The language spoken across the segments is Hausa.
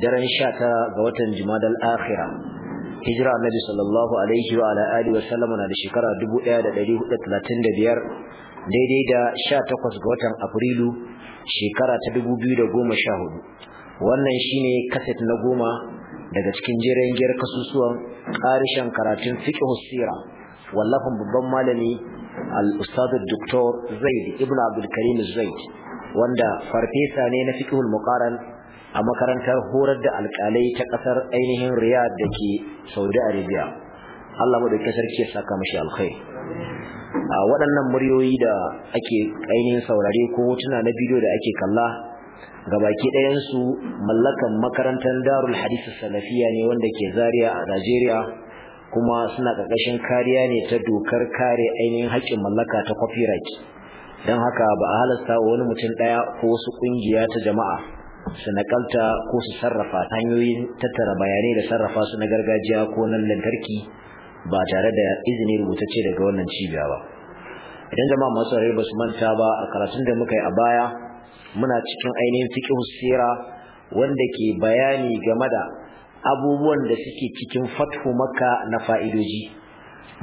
daren tara ga watan Jumadal Akhira hijira annabi sallallahu alaihi wa ala alihi wa sallam na da shekara 1435 daidai da 18 ga watan Afrilu shekara ta 2014 wannan shine kaset na goma daga cikin jiran giyar kasusuwan karishan karatun fiqh sirah wallafin babban malami al-ustad Dr. Zaid ibn Abdul Karim Zaid wanda farfesa ne na fiqhul muqaran a makarantar horar da alkalai ta ƙasar ainihin Riyadh da ke Saudi Arabia Allah mu ke sarki ya saka mashi alkhai a waɗannan muryoyi da ake ainihin saurare ko hotuna na bidiyo da ake kalla gabaki ɗayan su mallakan makarantar Darul hadisu Salafiya ne wanda ke Zariya a Najeriya kuma suna ƙarƙashin kariya ne ta dokar kare ainihin haƙƙin mallaka ta copyright don haka ba a halasta wani mutum ɗaya ko wasu ƙungiya ta jama'a su nakalta ko su sarrafa hanyoyin tattara bayanai da sarrafa su na gargajiya ko na lantarki ba tare da izini rubutacce daga wannan cibiya ba idan jama'a masu rarrabe ba su manta ba a karatun da muka yi a baya muna cikin ainihin fiƙin sira wanda ke bayani game da abubuwan da suke cikin fathu makka na fa'idoji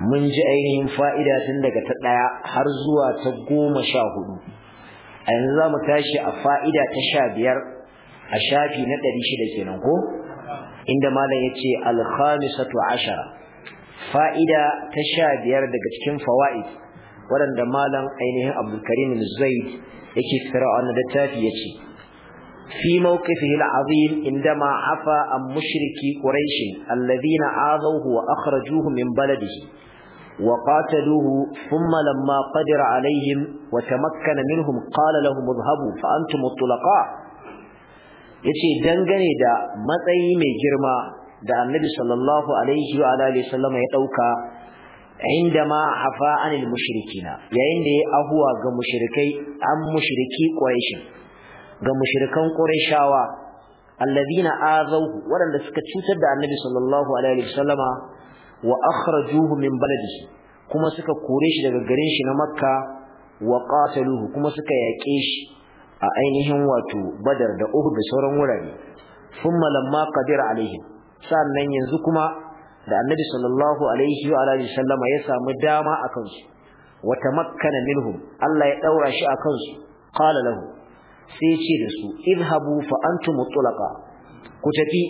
mun ji ainihin fa'ida tun daga ta ɗaya har zuwa ta goma sha hudu a yanzu za mu tashi a fa'ida ta sha biyar a shafi na 600 kenan ko inda malam yace ce khamisatu ashara fa'ida ta sha biyar daga cikin fawaid waɗanda malam ainihin abdulkarim Karim Zaid yake tsara wannan littafi ce. fi mawqifihi al-azim ma afa an mushriki quraish alladhina azawhu wa akhrajuhu min baladihi وقاتلوه ثم alaihim wa tamakkana minhum منهم قال لهم fa فأنتم الطلقاء yace dangane da matsayi mai girma da annabi sallallahu alaihi wa alihi sallama ya dauka indama afa anil mushrikina yayin da ya ahuwa ga mushrikai an mushriki quraish ga mushrikan quraishawa alladhina azaw waɗanda suka cutar da annabi sallallahu alaihi wa sallama wa akhrajuhu min baladihi kuma suka kore shi daga garin shi na makka wa qataluhu kuma suka yaƙe shi a ainihin wato badar da uhud da sauran wurare thumma lamma kadir alaihi sannan yanzu kuma da annabi sallallahu alaihi wa alihi sallama ya samu dama akan Wata wa tamakkana minhum Allah ya daura shi a kansu, qala lahu sai ce da su idhabu fa antum mutlaqa ku tafi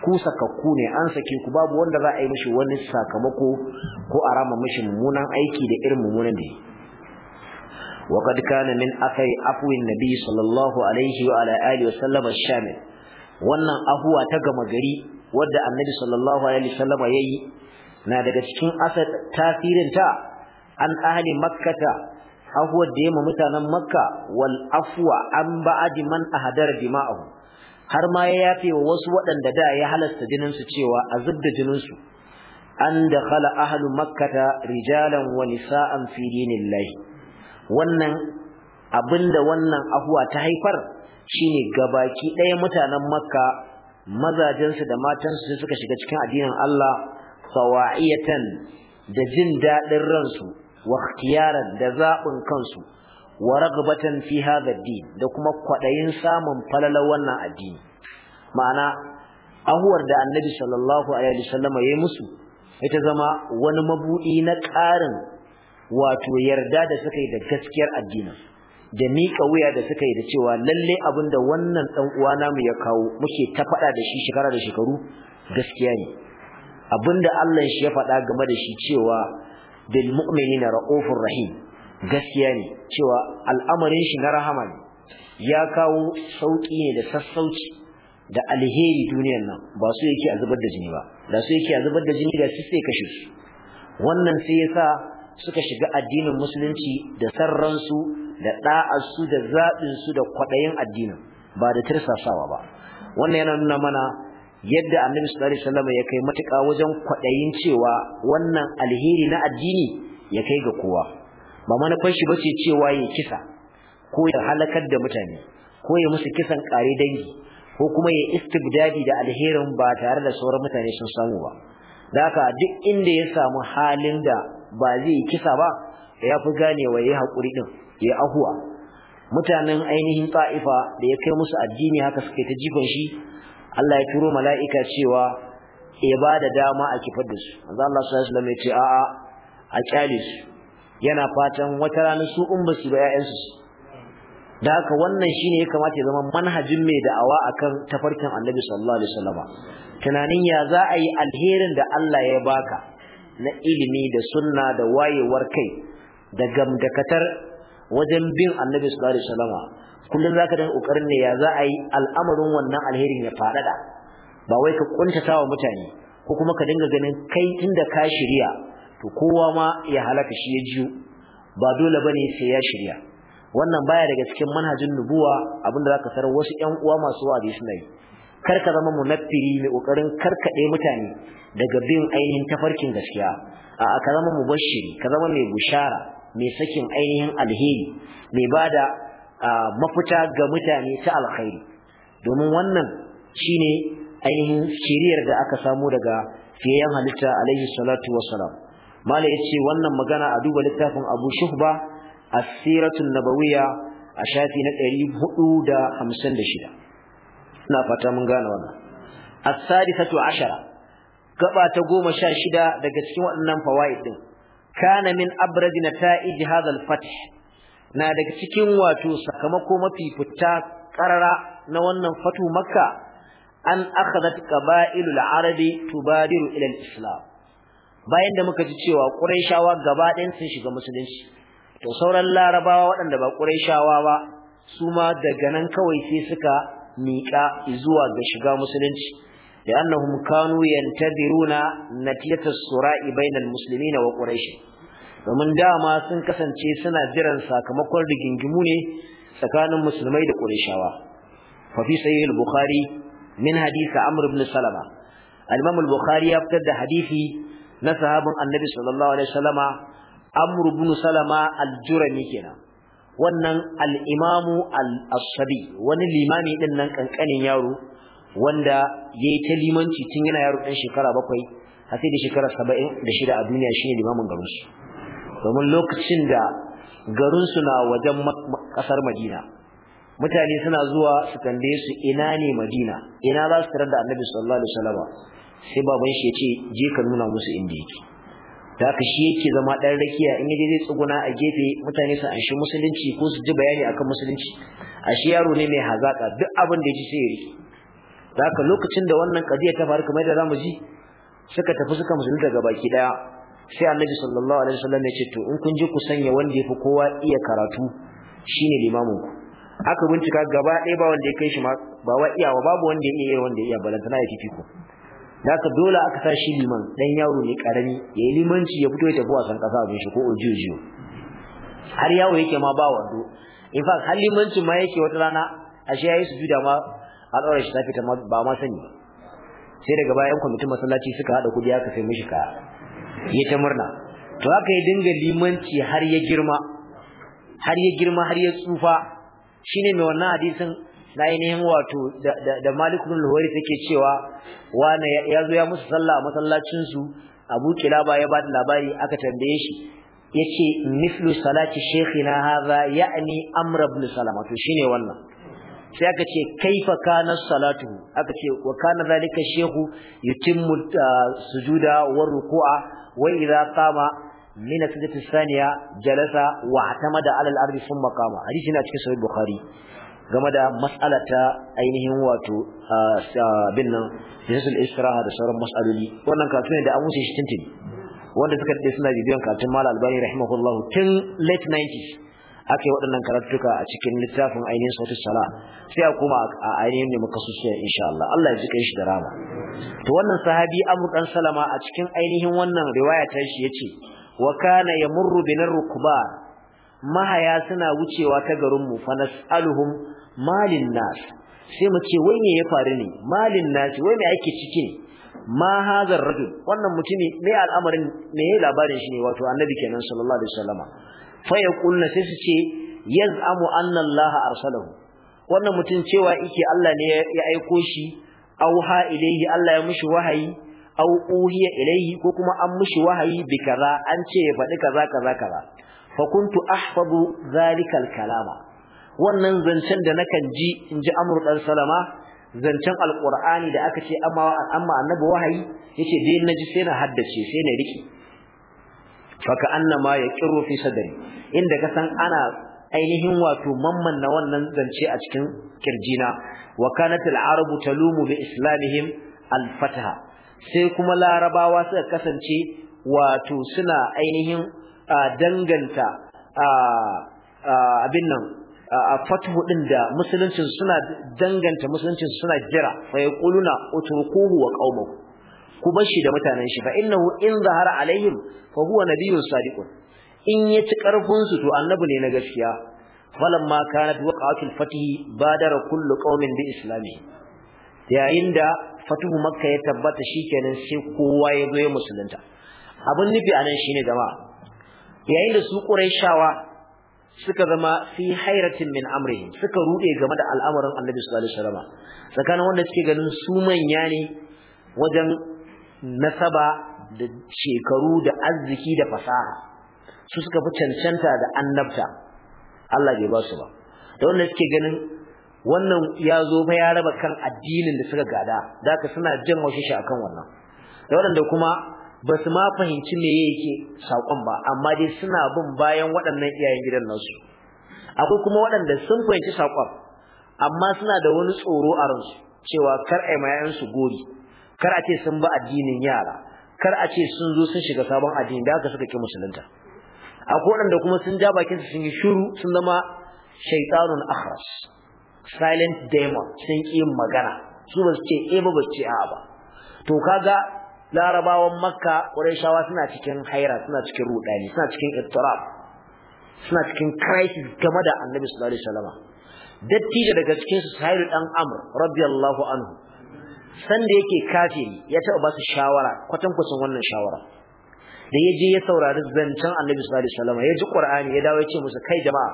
ku sakakku ne an sake ku babu wanda za a yi mishi wani sakamako ko a rama mishi mummunan aiki da irin mummunan da yi وقد كان من أثر أفو النبي wannan ahuwa ta gama gari wadda annabi sallallahu alaihi wasallam yayi na daga cikin asar tasirin ta an ahli makkata ahuwar da ma mutanen makka wal afwa an ba'adi man ahdar dima'ahu har ma ya yafe wa wasu waɗanda da ya halasta jinin cewa a zubda jinin an dakhala ahlu makkata rijalan wani sa'an fi dinillahi wannan abinda wannan ahuwa ta haifar shi shine baki ɗaya mutanen makka mazajensu da matansu suka shiga cikin addinin Allah sawa'iyatan da jin daɗin ransu wa ikhtiyaran da zaɓin kansu wa ragbatan fi hadha din da kuma kwaɗayin samun falala wannan addini ma'ana ahuwar da annabi sallallahu alaihi wasallam yayi musu ita zama wani mabudi na ƙarin wato yarda da suka yi da gaskiyar addini da miƙa wuya da suka yi da cewa lalle abin da wannan ɗan uwa namu ya kawo muke ta faɗa da shi shekara da shekaru gaskiya ne abinda da Allah shi ya faɗa game da shi cewa bil mu'minina ra'ufur rahim gaskiya ne cewa al'amarin shi na rahama ne ya kawo sauki ne da sassauci da alheri duniyar nan ba su yake a zubar da jini ba da su yake a zubar da jini da su sai kashe wannan sai yasa suka shiga addinin musulunci da sarransu da da'arsu da zaɓinsu da kwaɗayin addinin ba da tirsasawa ba wannan yana nuna mana yadda annabi sallallahu alaihi wasallam ya kai matuƙa wajen kwaɗayin cewa wannan alheri na addini ya kai ga kowa ba manufar shi bace cewa ya kisa ko ya halakar da mutane ko ya musu kisan ƙare dangi ko kuma ya istibdadi da alherin ba tare da sauran mutane sun samu ba da haka duk inda ya samu halin da ba zai kisa ba ya fi ganewa ya yi haƙuri ɗin ya ahuwa mutanen ainihin ta'ifa da ya kai musu addini haka suka ta jifan shi Allah ya turo mala'ika cewa ya ba da dama a kifar da su manzo Allah sallallahu alaihi wasallam ya ce a'a a kyale su yana fatan wata rana su in ba su ba ƴaƴansu da haka wannan shine ya kamata ya zama manhajin mai da'awa akan tafarkin Annabi sallallahu alaihi wasallam tunanin ya za a yi alherin da Allah ya baka na ilimi da sunna da wayewar kai da gamdakatar wajen bin annabi sallallahu alaihi wasallam kullum zaka dan kokarin ne ya za a yi al'amarin wannan alherin ya fadada ba wai ka kuntata wa mutane ko kuma ka dinga ganin kai inda ka shirya to kowa ma ya halaka shi ya jiyo ba dole bane sai ya shirya wannan baya daga cikin manhajin nubuwa abinda zaka sarar wasu ƴan uwa masu wa'azi suna kar ka zama munaffiri mai kokarin karkade mutane daga bin ainihin tafarkin gaskiya a ka zama mubashiri ka zama mai bushara mai sakin ainihin alheri mai bada mafita ga mutane ta alkhairi domin wannan shine ainihin shiriyar da aka samu daga fiyayyen halitta alaihi salatu wassalam mala ce wannan magana a duba littafin Abu Shuhba a siratun Nabawiya a shafi na ɗari da da hamsin shida. ina fata mun gane wannan as-sadisatu ashara gaba ta 16 daga cikin waɗannan fawaid din kana min abrad nata'ij hadha al-fath na daga cikin wato sakamako mafi fita karara na wannan fatu makka an akhadat qaba'il al-arabi tubadiru ila al-islam bayan da muka ji cewa quraishawa gaba ɗayan sun shiga musulunci to sauran larabawa waɗanda ba quraishawa ba su ma daga nan kawai sai suka miƙa zuwa ga shiga musulunci da annahum kanu yantadiruna natijata sura'i bainal muslimina wa quraish domin dama sun kasance suna jiran sakamakon rigingimu ne tsakanin musulmai da qurayshawa fa fi sahih al-bukhari min hadith amr ibn salama al-imam al-bukhari ya fitar da hadisi na sahabin annabi sallallahu alaihi wasallama amr ibn salama al-jurami kenan wannan Al'imamu al’asabi wani limami ɗin nan kankanin yaro wanda ya yi ta limanci tun yana yaro ɗan shekara bakwai a sai da shekara saba'in da shida a duniya shine limamin garinsu. domin lokacin da garinsu na wajen ƙasar Madina mutane suna zuwa su tambaye su ina ne Madina ina za su tarar da Annabi sallallahu alaihi wasallam sai baban shi ya ce je ka nuna musu inda yake da shi yake zama ɗan rakiya in yaje zai tsuguna a gefe mutane su anshi musulunci ko su ji bayani akan musulunci ashe yaro ne mai hazaka duk abin da ji sai ya riki da lokacin da wannan kadiya ta faru kamar yadda zamu ji suka tafi suka musulunta daga baki daya sai annabi sallallahu alaihi wasallam ya ce to in kun ji ku sanya wanda yafi kowa iya karatu shine limamin ku aka bincika gaba ɗaya ba wanda ya kai shi ma ba wa iyawa babu wanda ya iya wanda ya iya balantana ya fifiko haka dole aka sa shi liman dan yaro ne karami yayi limanci ya fito ya tafi wasan kasa abin shi ko ojojo har yawo yake ma ba wando in fact har limanci ma yake wata rana ashe yayi sujuda ma al'aura shi ta fita ba ma sani sai daga bayan kwamitin masallaci suka hada kudi aka sai mishi kaya ya ta murna to aka yi dinga limanci har ya girma har ya girma har ya tsufa shine mai wannan hadisin na ainihin wato da Malikun Lahori take cewa wane ya zo ya musu sallah a masallacin su Abu Kilaba ya ba da labari aka tambaye shi ya yace mislu salati haza ya ya'ni amra bin Salama to ne wannan sai aka ce kaifa kana salatu aka ce wa kana zalika shaykhu yutimmu ah, sujuda wa ruku'a wa idha qama min as-sajdati thaniya jalasa wa da 'ala al-ardi thumma qama hadisi na cikin sahih Bukhari game da matsala ta ainihin wato bin nan jisul israha da sauran matsaloli wannan kafin ne da an wuce shi Tintin, wanda suka dade suna bibiyan karatun mal albani rahimahullahu tun late 90s aka yi waɗannan karatuka a cikin littafin ainihin sautis sala sai a kuma a ainihin ne muka sosai insha Allah Allah ya jika shi da rama to wannan sahabi Abu dan Salama a cikin ainihin wannan riwaya ta shi yace wa kana yamurru binar rukba mahaya suna wucewa ta garin mu fa nas'aluhum malin nas sai mu ce wai me ya faru ne malin nas wai me ake ciki ne ma hazar rajul wannan mutumi me al'amarin me ya labarin shi ne wato annabi kenan sallallahu alaihi wasallama fa yaqulna sai su ce yaz'amu anna allaha arsalahu wannan mutum cewa yake Allah ne ya aiko shi auha ilayhi Allah ya mishi wahayi au uhiya ilayhi ko kuma an mishi wahayi bi kaza an ce ya faɗi kaza kaza kaza fa kuntu ahfazu zalika kalama wannan zancen da nakan ji in ji amru dan salama zancen alqur'ani da aka ce amma amma annabi wahayi yace dai ji sai na haddace sai na riki faka annama ya yaqirru fi sadri inda ka san ana ainihin wato mamman na wannan zance a cikin kirjina wa kanat al-arabu talumu bi islamihim al-fataha sai kuma larabawa suka kasance wato suna ainihin danganta abin nan a fatuhu din da musuluncin suna danganta musuluncin suna jira fa yaquluna utrukuhu wa qaumahu ku bashi da mutanen shi fa innahu in zahara alaihim fa huwa nabiyyun sadiqun in ya ci karfin su to annabi ne na gaskiya ma kanat waqatul fatih badara kullu qaumin bi islami yayin da fatuhu makka ya tabbata shikenan sai kowa ya zo ya musulunta abin nufi anan shine jama'a yayin da su qurayshawa suka zama fi hayratin min amrihim suka rude game da al'amarin annabi sallallahu alaihi wasallam tsakanin wanda suke ganin su manya ne wajen nasaba da shekaru da arziki da fasaha su suka fi cancanta da annabta Allah bai ba su ba da wanda suke ganin wannan ya zo fa ya raba kan addinin da suka gada zaka suna jin haushi shi akan wannan da wanda kuma ba su ma fahimci me yake saƙon ba amma dai suna bin bayan waɗannan iyayen gidan nasu akwai kuma waɗanda sun fahimci saƙon, amma suna da wani tsoro a ransu cewa kar a ma 'ya'yansu gori kar a ce sun ba addinin yara kar a ce sun zo sun shiga sabon addini da haka suka ki musulunta akwai waɗanda kuma sun ja bakin su sun yi shiru sun zama shaitanun akhras silent demon sun ki magana su ba su ce eh ba ba su ce a'a ba to kaga larabawan makka shawa suna cikin haira suna cikin rudani suna cikin ittirab suna cikin crisis game da annabi sallallahu alaihi wasallam dattijo daga cikin su sahil dan amr radiyallahu anhu sanda yake kafiri ya taɓa ba su shawara kwatankwacin wannan shawara da ya je ya saurari zancen annabi sallallahu alaihi wasallam ya ji qur'ani ya dawo ya ce musu kai jama'a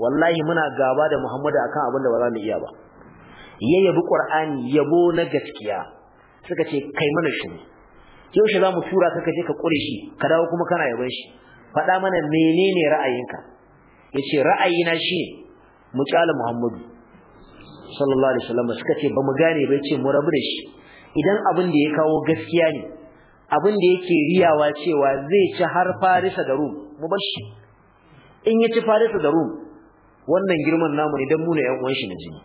wallahi muna gaba da muhammadu akan abin da ba za mu iya ba ya yabi qur'ani yabo na gaskiya suka ce kai mana shiru yaushe za mu tura ka kaje ka kure shi ka dawo kuma kana yaban shi faɗa mana menene ra'ayinka yace ra'ayina shi mu kyala Muhammadu sallallahu alaihi wasallam suka ce ba mu gane ba yace mu rabu da shi idan abin da ya kawo gaskiya ne abin da yake riyawa cewa zai ci har Farisa da Rum mu bar shi in ya ci Farisa da Rum wannan girman namu ne dan mu ne yan uwan shi na jini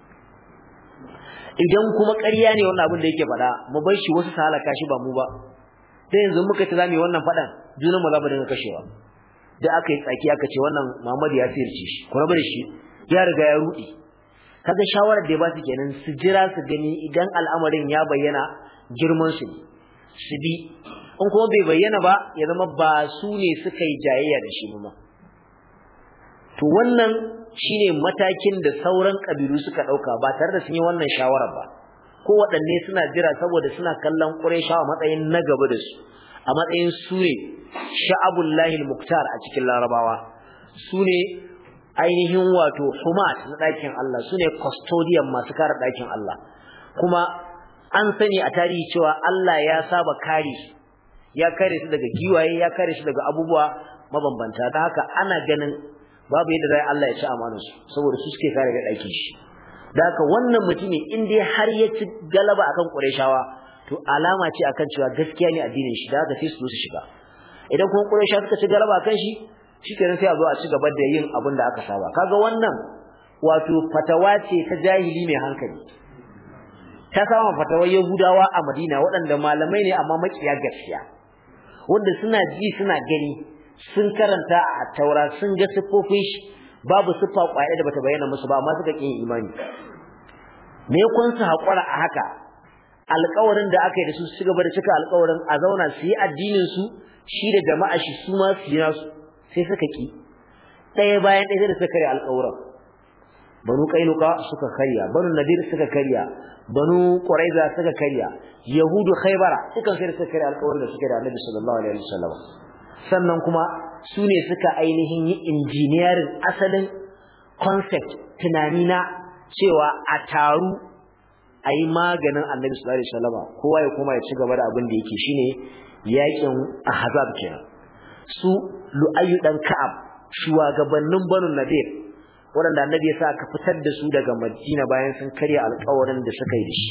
idan kuma ƙarya ne wannan abin da yake faɗa mu bar shi wasu halaka shi ba mu ba sai yanzu muka ci zamu wannan fadan juna mu za mu dinga kashewa da aka yi tsaki aka ce wannan Muhammad ya firce shi ku rabu da shi ya riga ya rudi kaga shawarar da ya ba su kenan su jira su gani idan al'amarin ya bayyana girman su su bi in kuma bai bayyana ba ya zama ba su ne suka yi jayayya da shi ba to wannan shine matakin da sauran kabilu suka ɗauka ba tare da sun yi wannan shawarar ba ko waɗanne suna jira saboda suna kallon Qurayshawa matsayin na gaba da su a matsayin su ne sha'abul muktar a cikin larabawa su ne ainihin wato humat na ɗakin Allah su ne custodian masu kare ɗakin Allah kuma an sani a tarihi cewa Allah ya saba kare ya kare su daga giwaye ya kare su daga abubuwa mabambanta ta haka ana ganin babu yadda zai Allah ya ci amanarsu saboda su suke kare ga ɗakin shi Daka wannan mutumin in dai har ya ci galaba akan Qurayshawa to alama ce akan cewa gaskiya ne addinin shi da haka sai su zo su shiga idan kuma Qurayshawa suka ci galaba akan shi shikenan sai a zo a ci gaba da yin abin da aka saba kaga wannan wato fatawa ce ta jahili mai hankali ta samu fatawar Yahudawa a Madina waɗanda malamai ne amma makiya gaskiya wanda suna ji suna gani sun karanta a taura sun ga siffofin shi babu siffa kwaye da bata bayyana musu ba amma suka kin imani me kun sa hakura a haka alƙawarin da aka yi da su su gaba da cika alƙawarin a zauna su yi addinin su shi da jama'a shi su ma su yi su sai suka ki ɗaya bayan ɗaya da suka karya alƙawarin banu kainuka suka karya banu nadir suka karya banu quraiza suka karya yahudu khaybara suka sai suka karya alƙawarin da suka da annabi sallallahu alaihi wasallam sannan kuma su ne suka ainihin yi injiniyarin asalin concept tunani na cewa a taru a yi maganin annabi sallallahu alaihi wasallam kowa ya koma ya ci gaba da abin da yake shine yakin ahzab kenan su lu'ayyu dan ka'ab shugabannin banu nadir waɗanda annabi ya sa aka fitar da su daga madina bayan sun karya alƙawarin da suka yi da shi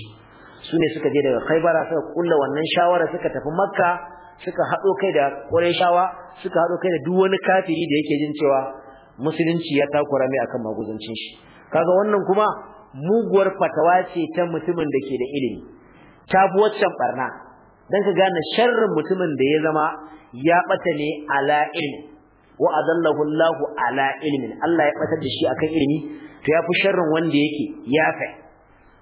su ne suka je daga khaibara suka kulla wannan shawara suka tafi makka suka haɗo kai da ƙurayshawa suka haɗo kai da duk wani kafiri da yake jin cewa musulunci ya takura mai akan maguzancin shi kaga wannan kuma muguwar fatawa ce ta mutumin da ke da ilimi ta bi waccan barna don ka gane sharrin mutumin da ya zama ya ɓata ne ala ilmi wa adallahu Allah ala ilmin Allah ya ɓatar da shi akan ilimi to ya fi sharrin wanda yake ya fa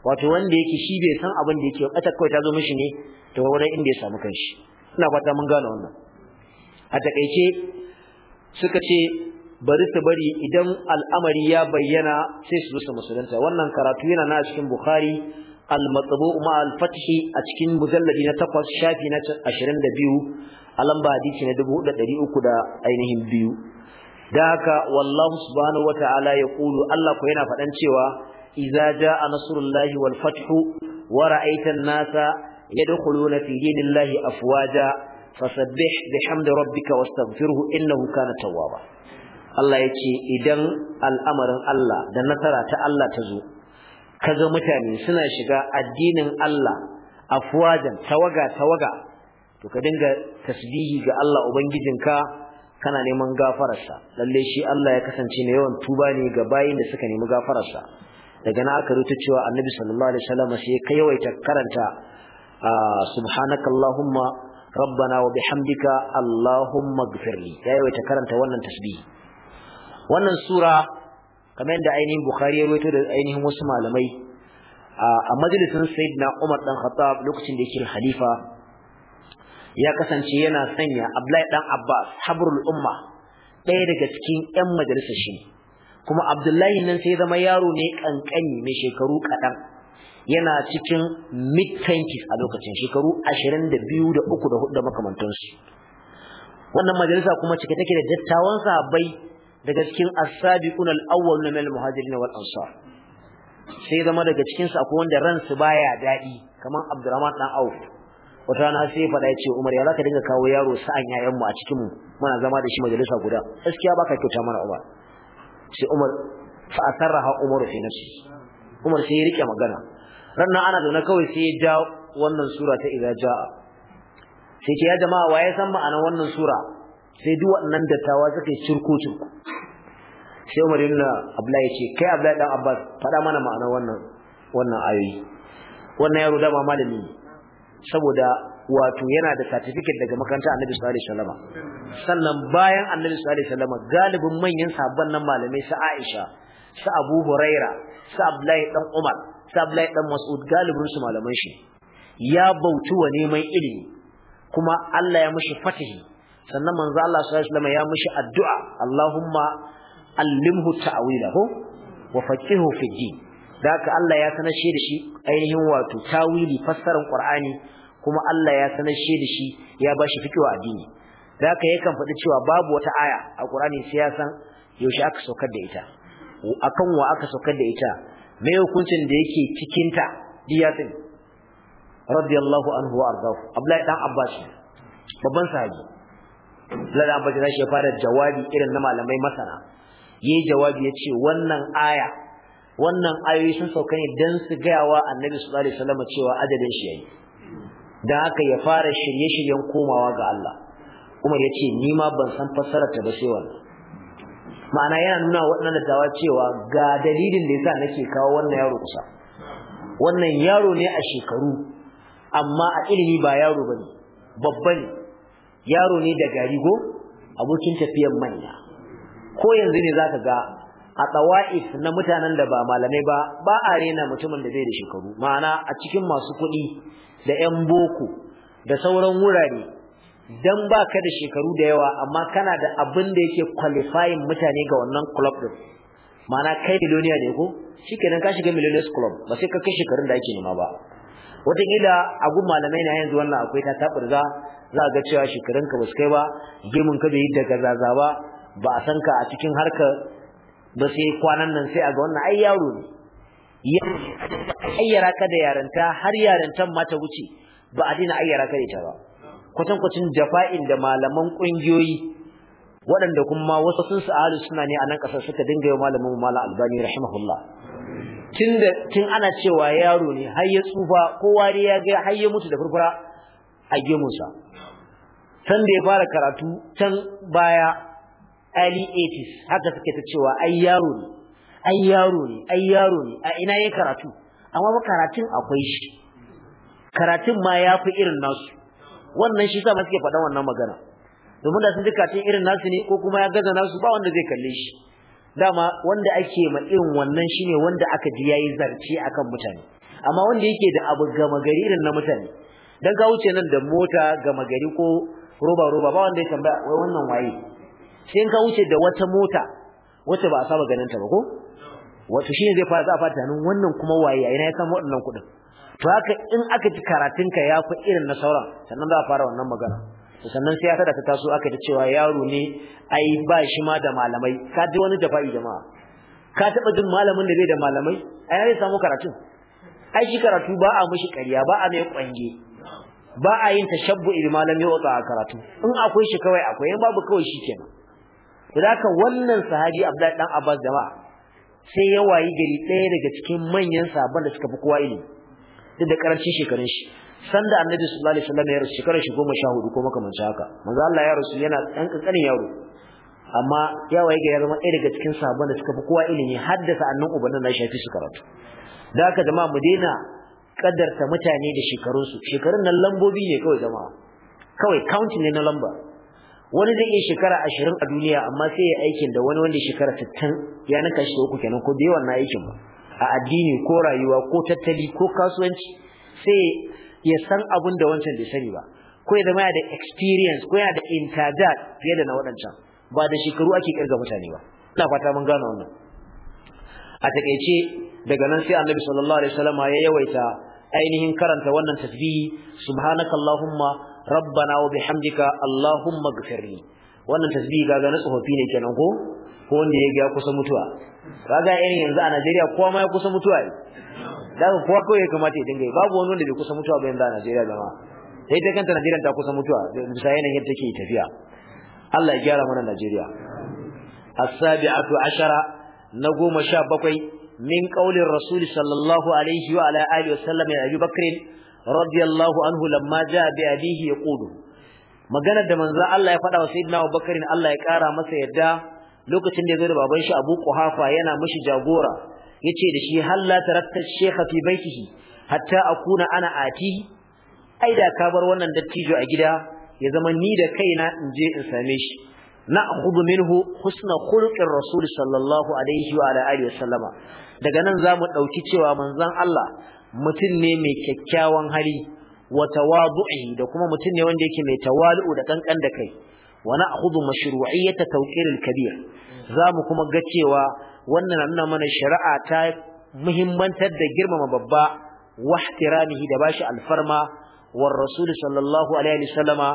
wato wanda yake shi bai san abin da yake bata kawai ta zo mishi ne to wani inda ya samu kanshi na fata mun gane wannan a takaice suka ce bari su bari idan al'amari ya bayyana sai su rusa musulunta wannan karatu yana na cikin bukhari al-matbu ma al fatihi a cikin mujalladi na takwas, shafi na 22 a lamba hadisi na 4300 da ainihin biyu da haka wallahu subhanahu wata'ala ya kulu Allah ko yana faɗan cewa idza jaa nasrullahi wal fath wa ra'aita an-nasa يدخلون في دين الله أفواجا فسبح بحمد ربك واستغفره إنه كان توابا الله يتي إذن الأمر الله دان نصرة الله تزو كذا متاني سنة شقاء الدين الله أفواجا توقع توقع تكدنك تسبيه الله أبنجدنك kana neman gafararsa lalle shi Allah ya kasance ne yawan tuba ne ga bayin da suka nemi gafararsa daga na aka rutu cewa annabi sallallahu alaihi wasallam sai ka yawaita karanta subhanaka allahumma rabbana wa bihamdika allahumma ighfirli yayi ta karanta wannan tasbih wannan sura kamar yadda ainihin bukhari ya rawaito da ainihin wasu malamai a majalisin sayyidina umar dan khattab lokacin da yake khalifa ya kasance yana sanya abdullahi dan abbas habrul umma ɗaya daga cikin ƴan majalisar shi kuma abdullahi nan sai zama yaro ne kankani mai shekaru kaɗan yana cikin mid 20s a lokacin shekaru 22 da uku da hudu da makamantansu wannan majalisa kuma cike take da dattawan sahabbai daga cikin as-sabiqun al na min al-muhajirin wal ansar sai zama daga cikin su akwai wanda ransu baya dadi kaman Abdurrahman dan Auf wata rana sai faɗa ya ce Umar ya zaka dinga kawo yaro sa'an yayan mu a cikin mu muna zama da shi majalisa guda gaskiya baka kyauta mana uba, sai Umar fa asarraha Umar fi nafsi Umar sai ya rike magana rannan ana zaune kawai sai ya ja wannan sura ta idza jaa sai ke ya jama'a waye san ma'anar wannan sura sai duk waɗannan dattawa suka yi cirko cirko sai Umar ibn Abdullah ya ce kai Abdullah dan Abbas faɗa mana ma'anar wannan wannan ayoyi wannan yaro da malami ne saboda wato yana da certificate daga makaranta Annabi sallallahu alaihi wasallam sannan bayan Annabi sallallahu alaihi wasallam galibin manyan sahabban nan malamai su Aisha su Abu Hurairah su Abdullahi dan Umar Abdullahi dan Mas'ud galibin su malaman shi ya bautu wa neman ilimi kuma Allah ya mishi fatihi sannan manzo Allah sallallahu alaihi ya mishi addu'a Allahumma allimhu ta'wilahu wa faqihu fi din daka Allah ya sanar shi da shi ainihin wato tawili fassarar Qur'ani kuma Allah ya sanar shi da shi ya bashi fikiwa addini daka yakan faɗi cewa babu wata aya a Qur'ani sai ya san yaushe aka saukar da ita akan wa aka saukar da ita Mai hukuncin da yake cikin ta diyatin radiyallahu anhu wa ardahu abdullahi dan abbas babban sahabi abdullahi dan abbas ya fara jawabi irin na malamai masana yayi jawabi yace wannan aya wannan ayoyi sun sauka ne dan su yawa annabi sallallahu alaihi wasallam cewa adadin shi yayi dan haka ya fara shirye-shiryen komawa ga Allah Umar yace ni ma ban san ta ba sai wannan ma'ana yana nuna waɗannan dattawa cewa ga dalilin da yasa nake kawo wannan yaro kusa wannan yaro ne a shekaru amma a ilimi ba yaro bane babba ne yaro ne da garigo abokin tafiyar manya ko yanzu ne zaka ga a tsawa'if na mutanen da ba malamai ba ba a rena mutumin da bai da shekaru ma'ana a cikin masu kuɗi da 'yan boko da sauran wurare dan baka da shekaru da yawa amma kana da abin da yake qualifying mutane ga wannan club din ma'ana kai miliyoniya ne ko kenan ka shiga millionaires club ba sai ka kai shekarun da ake nema ba wataƙila a gun malamai na yanzu wannan akwai ta taburza za ga cewa shekarunka ba su kai ba gemun ka bai daga zaza ba ba a san ka a cikin harka ba sai kwanan nan sai a ga wannan ai yaro ne ayyara ka da yaranta har yarantan ma ta wuce ba a dina ayyara ka da ita ba kwatankwacin jafa'in da malaman kungiyoyi waɗanda kuma wasu sun sa'alu suna ne a nan ƙasar suka dinga yi malamin mala albani rahimahullah da tun ana cewa yaro ne har ya tsufa kowa dai ya ga har ya mutu da furfura a gemunsa san da ya fara karatu can baya early 80s haka suke ta cewa ai yaro ne ai yaro ne ai yaro ne a ina ya karatu amma karatun akwai shi karatun ma ya fi irin nasu wannan shi sa suke faɗan wannan magana domin da sun duka irin nasu ne ko kuma ya gaza nasu ba wanda zai kalle shi dama wanda ake ma irin wannan shine wanda aka ji yayi zarce akan mutane amma wanda yake da abu gama gari irin na mutane dan ka wuce nan da mota gama gari ko roba roba ba wanda ya tambaya wai wannan waye sai ka wuce da wata mota wata ba a saba ganin ta ba ko wato shine zai fara za a fara tunanin wannan kuma waye a ina ya samu waɗannan kuɗin to haka in aka ji karatunka ya fi irin na sauran sannan za a fara wannan magana sannan sai aka da ta taso aka ji cewa yaro ne ai ba shi ma da malamai ka ji wani jafa'i jama'a ka taba jin malamin da bai da malamai ai ya samu karatun ai shi karatu ba a mishi ƙarya ba a mai kwange ba a yin tashabbu bi malami wata a karatu in akwai shi kawai akwai in babu kawai shi kenan to da haka wannan sahabi Abdullahi dan Abbas jama'a sai ya wayi gari ɗaya daga cikin manyan sahabban da suka fi kowa ilimi duk da karancin shekarun shi sanda annabi sallallahu alaihi wasallam ya rasu shekarun shi goma sha hudu ko makamancin haka manzo Allah ya rasu yana dan kankanin yaro amma ya waye ga ya zama ɗaya daga cikin sahabban da suka fi kowa ilimi haddasa annan ubanna na shafi su karatu da haka jama'a mu daina kaddarta mutane da shekarunsu shekarun nan lambobi ne kawai jama'a kawai count ne na lamba wani zai iya shekara ashirin a duniya amma sai ya aikin da wani wanda shekara sittin ya ninka shi uku kenan ko bai wannan aikin ba a addini ko rayuwa ko tattali ko kasuwanci sai ya san abin da wancan bai sani ba ko ya zama da experience ko yana da intajat fiye da na waɗancan ba da shekaru ake kirga mutane ba ina fata mun gane wannan a taƙaice daga nan sai annabi sallallahu alaihi wasallam ya yawaita ainihin karanta wannan tasbihi subhanakallahumma rabbana wa bihamdika allahumma ighfirli wannan tasbihi ga na tsofaffi ne kenan ko ko wanda ya ga kusa mutuwa kaga irin yanzu a Najeriya kowa ma ya kusa mutuwa yi daga kowa kawai ya kamata ya dinga babu wani wanda bai kusa mutuwa ba yanzu a Najeriya zama sai ta kanta Najeriya ta kusa mutuwa bisa yanayin yadda take tafiya Allah ya gyara mana Najeriya as-sabi'atu ashara na goma sha bakwai min qaulin rasul sallallahu alaihi wa ala alihi wa sallam ya Abu Bakr radiyallahu anhu lamma jaa bi abihi yaqulu maganar da manzo Allah ya faɗa wa sayyidina Abu Bakr Allah ya kara masa yadda lokacin da ya zo da baban shi Abu Quhafa yana mishi jagora yace da shi hal la tarakta shekha fi baitihi hatta akuna ana ati, ai da ka bar wannan dattijo a gida ya zama ni da kaina in je in same shi na'khudhu minhu husna khuluqir rasul sallallahu alaihi wa alihi wasallama daga nan zamu dauki cewa manzon Allah mutum ne mai kyakkyawan hali wa tawadu'i da kuma mutum ne wanda yake mai tawalu da kankan da kai Wani akudu mashru'iyyata tawqir al-kabir mu kuma ga cewa wannan nuna mana shari'a ta muhimmantar da girmama babba wa da bashi alfarma war rasul sallallahu alaihi wasallama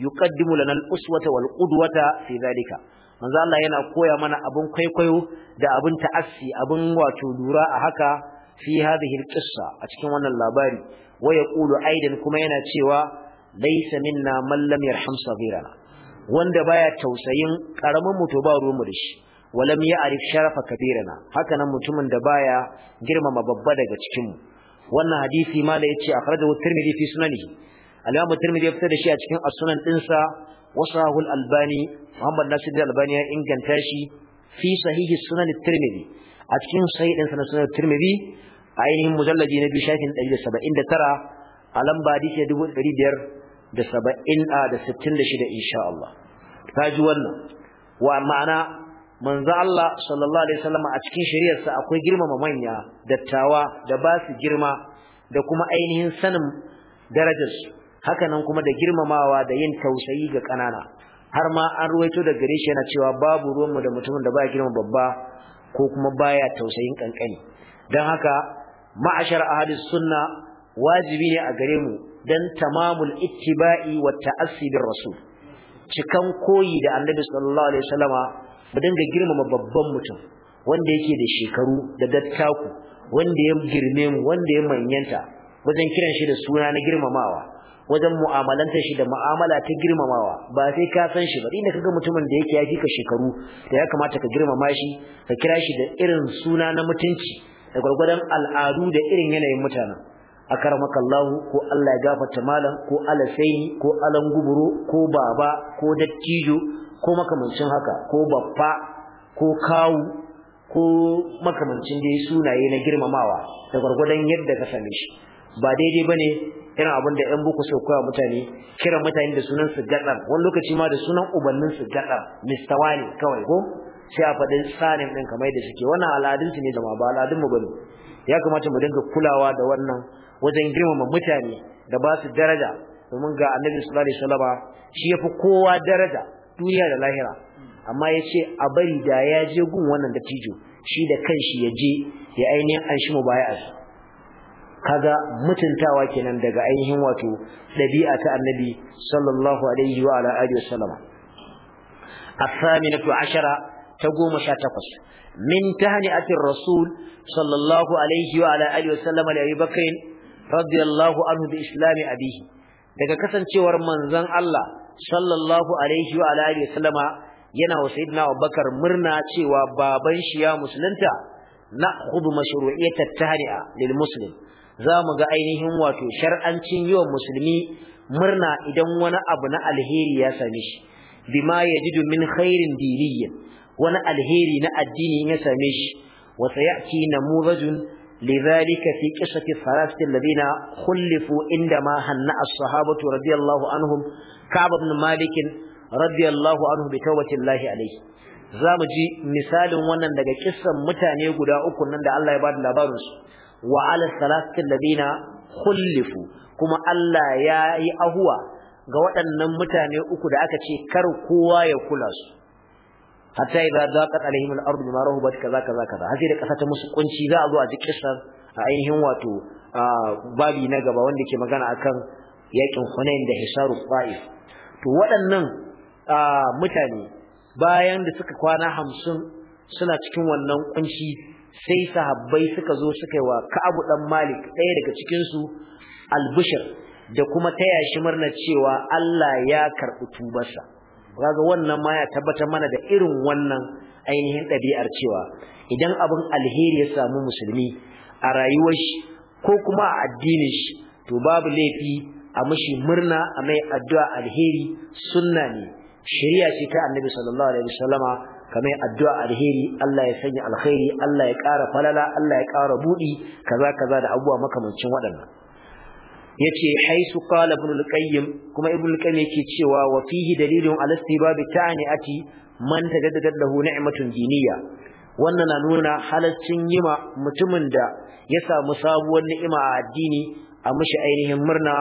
yuqaddimu lana al-uswata wal qudwata fi dhalika manzo Allah yana koya mana abun kwaikwayo da abun ta'assi abun wato lura a haka fi hadhihi al-qissa a cikin wannan labari wa yaqulu aidan kuma yana cewa laysa minna man lam yarham saghirana wanda baya tausayin karamin mu to ba ruwan mu da shi walam ya arif sharafa kabirana haka nan mutumin da baya girmama babba daga cikin mu wannan hadisi ma da yace akhrajahu tirmidhi fi sunanihi al-imam tirmidhi ya fitar da shi a cikin as-sunan dinsa wasahu al-albani muhammad nasir al-albani ya inganta shi fi sahihi sunan tirmidhi a cikin sahih din sunan tirmidhi ainihin mujalladi na biyu shafin 179 a lamba hadisi 1500 da 70 da 66 insha Allah kaji wannan wa ma'ana manzo Allah sallallahu alaihi wasallam a cikin shari'arsa akwai girmama manya dattawa da ba su girma da kuma ainihin sanin darajar su? Haka nan kuma da girmamawa da yin tausayi ga kanana har ma an ruwaito da gare shi yana cewa babu ruwanmu da mutumin da baya girma babba ko kuma baya tausayin kankani dan haka ma'ashar ahli sunna wajibi ne a gare mu dan tamamul ittiba'i wa ta'assi bir rasul cikan koyi da annabi sallallahu alaihi wasallama mu dinga girmama babban mutum wanda yake da shekaru da dattaku wanda ya girme mu wanda ya manyanta wajen kiran shi da suna na girmamawa wajen mu'amalantar shi da mu'amala ta girmamawa ba sai ka san shi ba inda kaga mutumin da yake yafi ka shekaru da ya kamata ka girmama shi ka kira shi da irin suna na mutunci da gwargwadon al'adu da irin yanayin mutanen akaramakallahu ko Allah ya gafarta malam ko alasaini ko alan guburo ko baba ko dattijo ko makamancin haka ko baffa ko kawu ko makamancin dai sunaye na girmamawa da gwargwadon yadda ka same shi ba daidai bane irin abin da 'yan boko sau koya mutane kira mutane da sunan su gadar wani lokaci ma da sunan ubannin su gadar mistawani kawai ko sai a faɗin sanin ɗin kamar yadda suke wannan al'adunsu ne jama'a ba al'adunmu ba ne ya kamata mu dinga kulawa da wannan wajen girmama mutane da ba su daraja domin ga annabi sallallahu alaihi wasallama shi yafi kowa daraja duniya da lahira amma yace a bari da ya je gun wannan dattijo shi da kanshi ya je ya ainihin an shi mubaya'a kaga mutuntawa kenan daga ainihin wato dabi'a ta annabi sallallahu alaihi wa ala alihi wasallama الثامنة عشرة ta goma sha takwas min tahni'atir rasul sallallahu alaihi wa ala alihi wasallam li Abi Bakr radiyallahu anhu bi islami abihi daga kasancewar manzon Allah sallallahu alaihi wa ala alihi wasallam yana wa sayyidina Abubakar murna cewa baban shi ya musulunta na'khudhu mashru'iyyat at-tahni'a lil muslim za mu ga ainihin wato shar'ancin yawan musulmi murna idan wani abu na alheri ya same shi bima yajidu min khairin diniyyin wani alheri na addini ya same shi wa sayati namuzajun لذلك في قصة الثلاثة الذين خلفوا inda ma الصحابة رضي الله عنهم كعب بن مالك رضي الله عنه بتوبة الله عليه zamu ji misalin wannan daga kissan mutane guda uku nan da Allah ya bada labarin su wa ala salatil ladina khulifu kuma Allah ya yi ahuwa ga waɗannan mutane uku da aka ce kar kowa ya kula su hatta idza daqat alaihim al-ardu bima rahubat kaza kaza kaza har da kasa ta musu kunci za a zo a ji kissar a ainihin wato babi na gaba wanda ke magana akan yakin Hunain da Hisaru Qaif to waɗannan mutane bayan da suka kwana hamsin suna cikin wannan kunci sai sahabbai suka zo suka yi wa Ka'abu dan Malik ɗaya daga cikin su bushr da kuma taya shi murna cewa Allah ya karɓi tubarsa kaga wannan ma ya tabbatar mana da irin wannan ainihin ɗabi'ar cewa idan abin alheri ya samu musulmi a rayuwar shi ko kuma a addinin shi to babu laifi a mushi murna a mai addu'a alheri sunna ne shari'a ce ta annabi sallallahu alaihi wasallama kamar addu'a alheri Allah ya sanya alkhairi Allah ya ƙara falala Allah ya ƙara buɗi kaza kaza da abubuwa makamancin waɗannan yace haisu qala ibn al-qayyim kuma ibn al-qayyim yake cewa wa fihi dalilun ala ta'ani ta'niati man da lahu ni'matun diniya wannan na nuna halaccin yima mutumin da ya samu sabuwar ni'ima a addini a mushi ainihin murna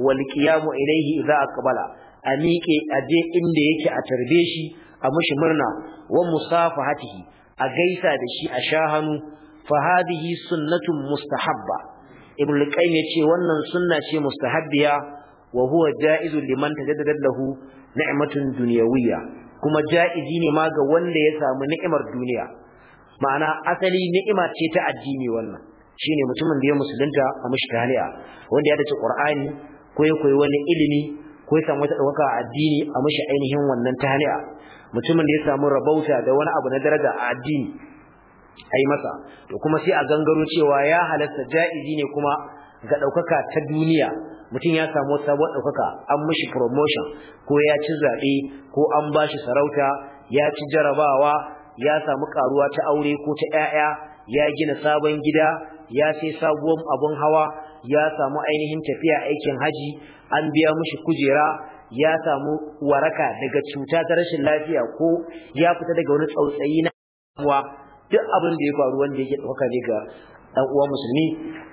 wal qiyamu ilayhi idza aqbala a miƙe aje inda yake a tarbe shi a mushi murna wa musafahatihi a gaisa da shi a sha hannu fa hadhihi sunnatun mustahabba ibn al-qayyim yace wannan sunna ce mustahabbiya wa huwa jaizun liman tajaddada lahu ni'matun dunyawiyya kuma jaizi ne ma ga wanda ya samu ni'imar duniya ma'ana asali ni'ima ce ta addini wannan shine mutumin da ya musulunta a mushkaliya wanda ya dace qur'ani ko ya koyi wani ilimi ko ya samu wata dauka a addini a mushi ainihin wannan tahliya mutumin da ya samu rabauta da wani abu na daraja a addini ai masa to kuma sai a gangaro cewa ya halatta ja'izi ne kuma ga ɗaukaka ta duniya mutum ya samu sabon ɗaukaka an mishi promotion ko ya ci zaɓe ko an bashi sarauta ya ci jarabawa ya samu ƙaruwa ta aure ko ta ‘ya'ya ya gina sabon gida ya sai sabuwar abun hawa ya samu ainihin tafiya aikin haji an biya mishi kujera ya samu waraka daga cuta ta rashin lafiya ko ya fita daga wani tsautsayi na duk abin da ya faru wanda yake ɗauka ne ga dan uwa musulmi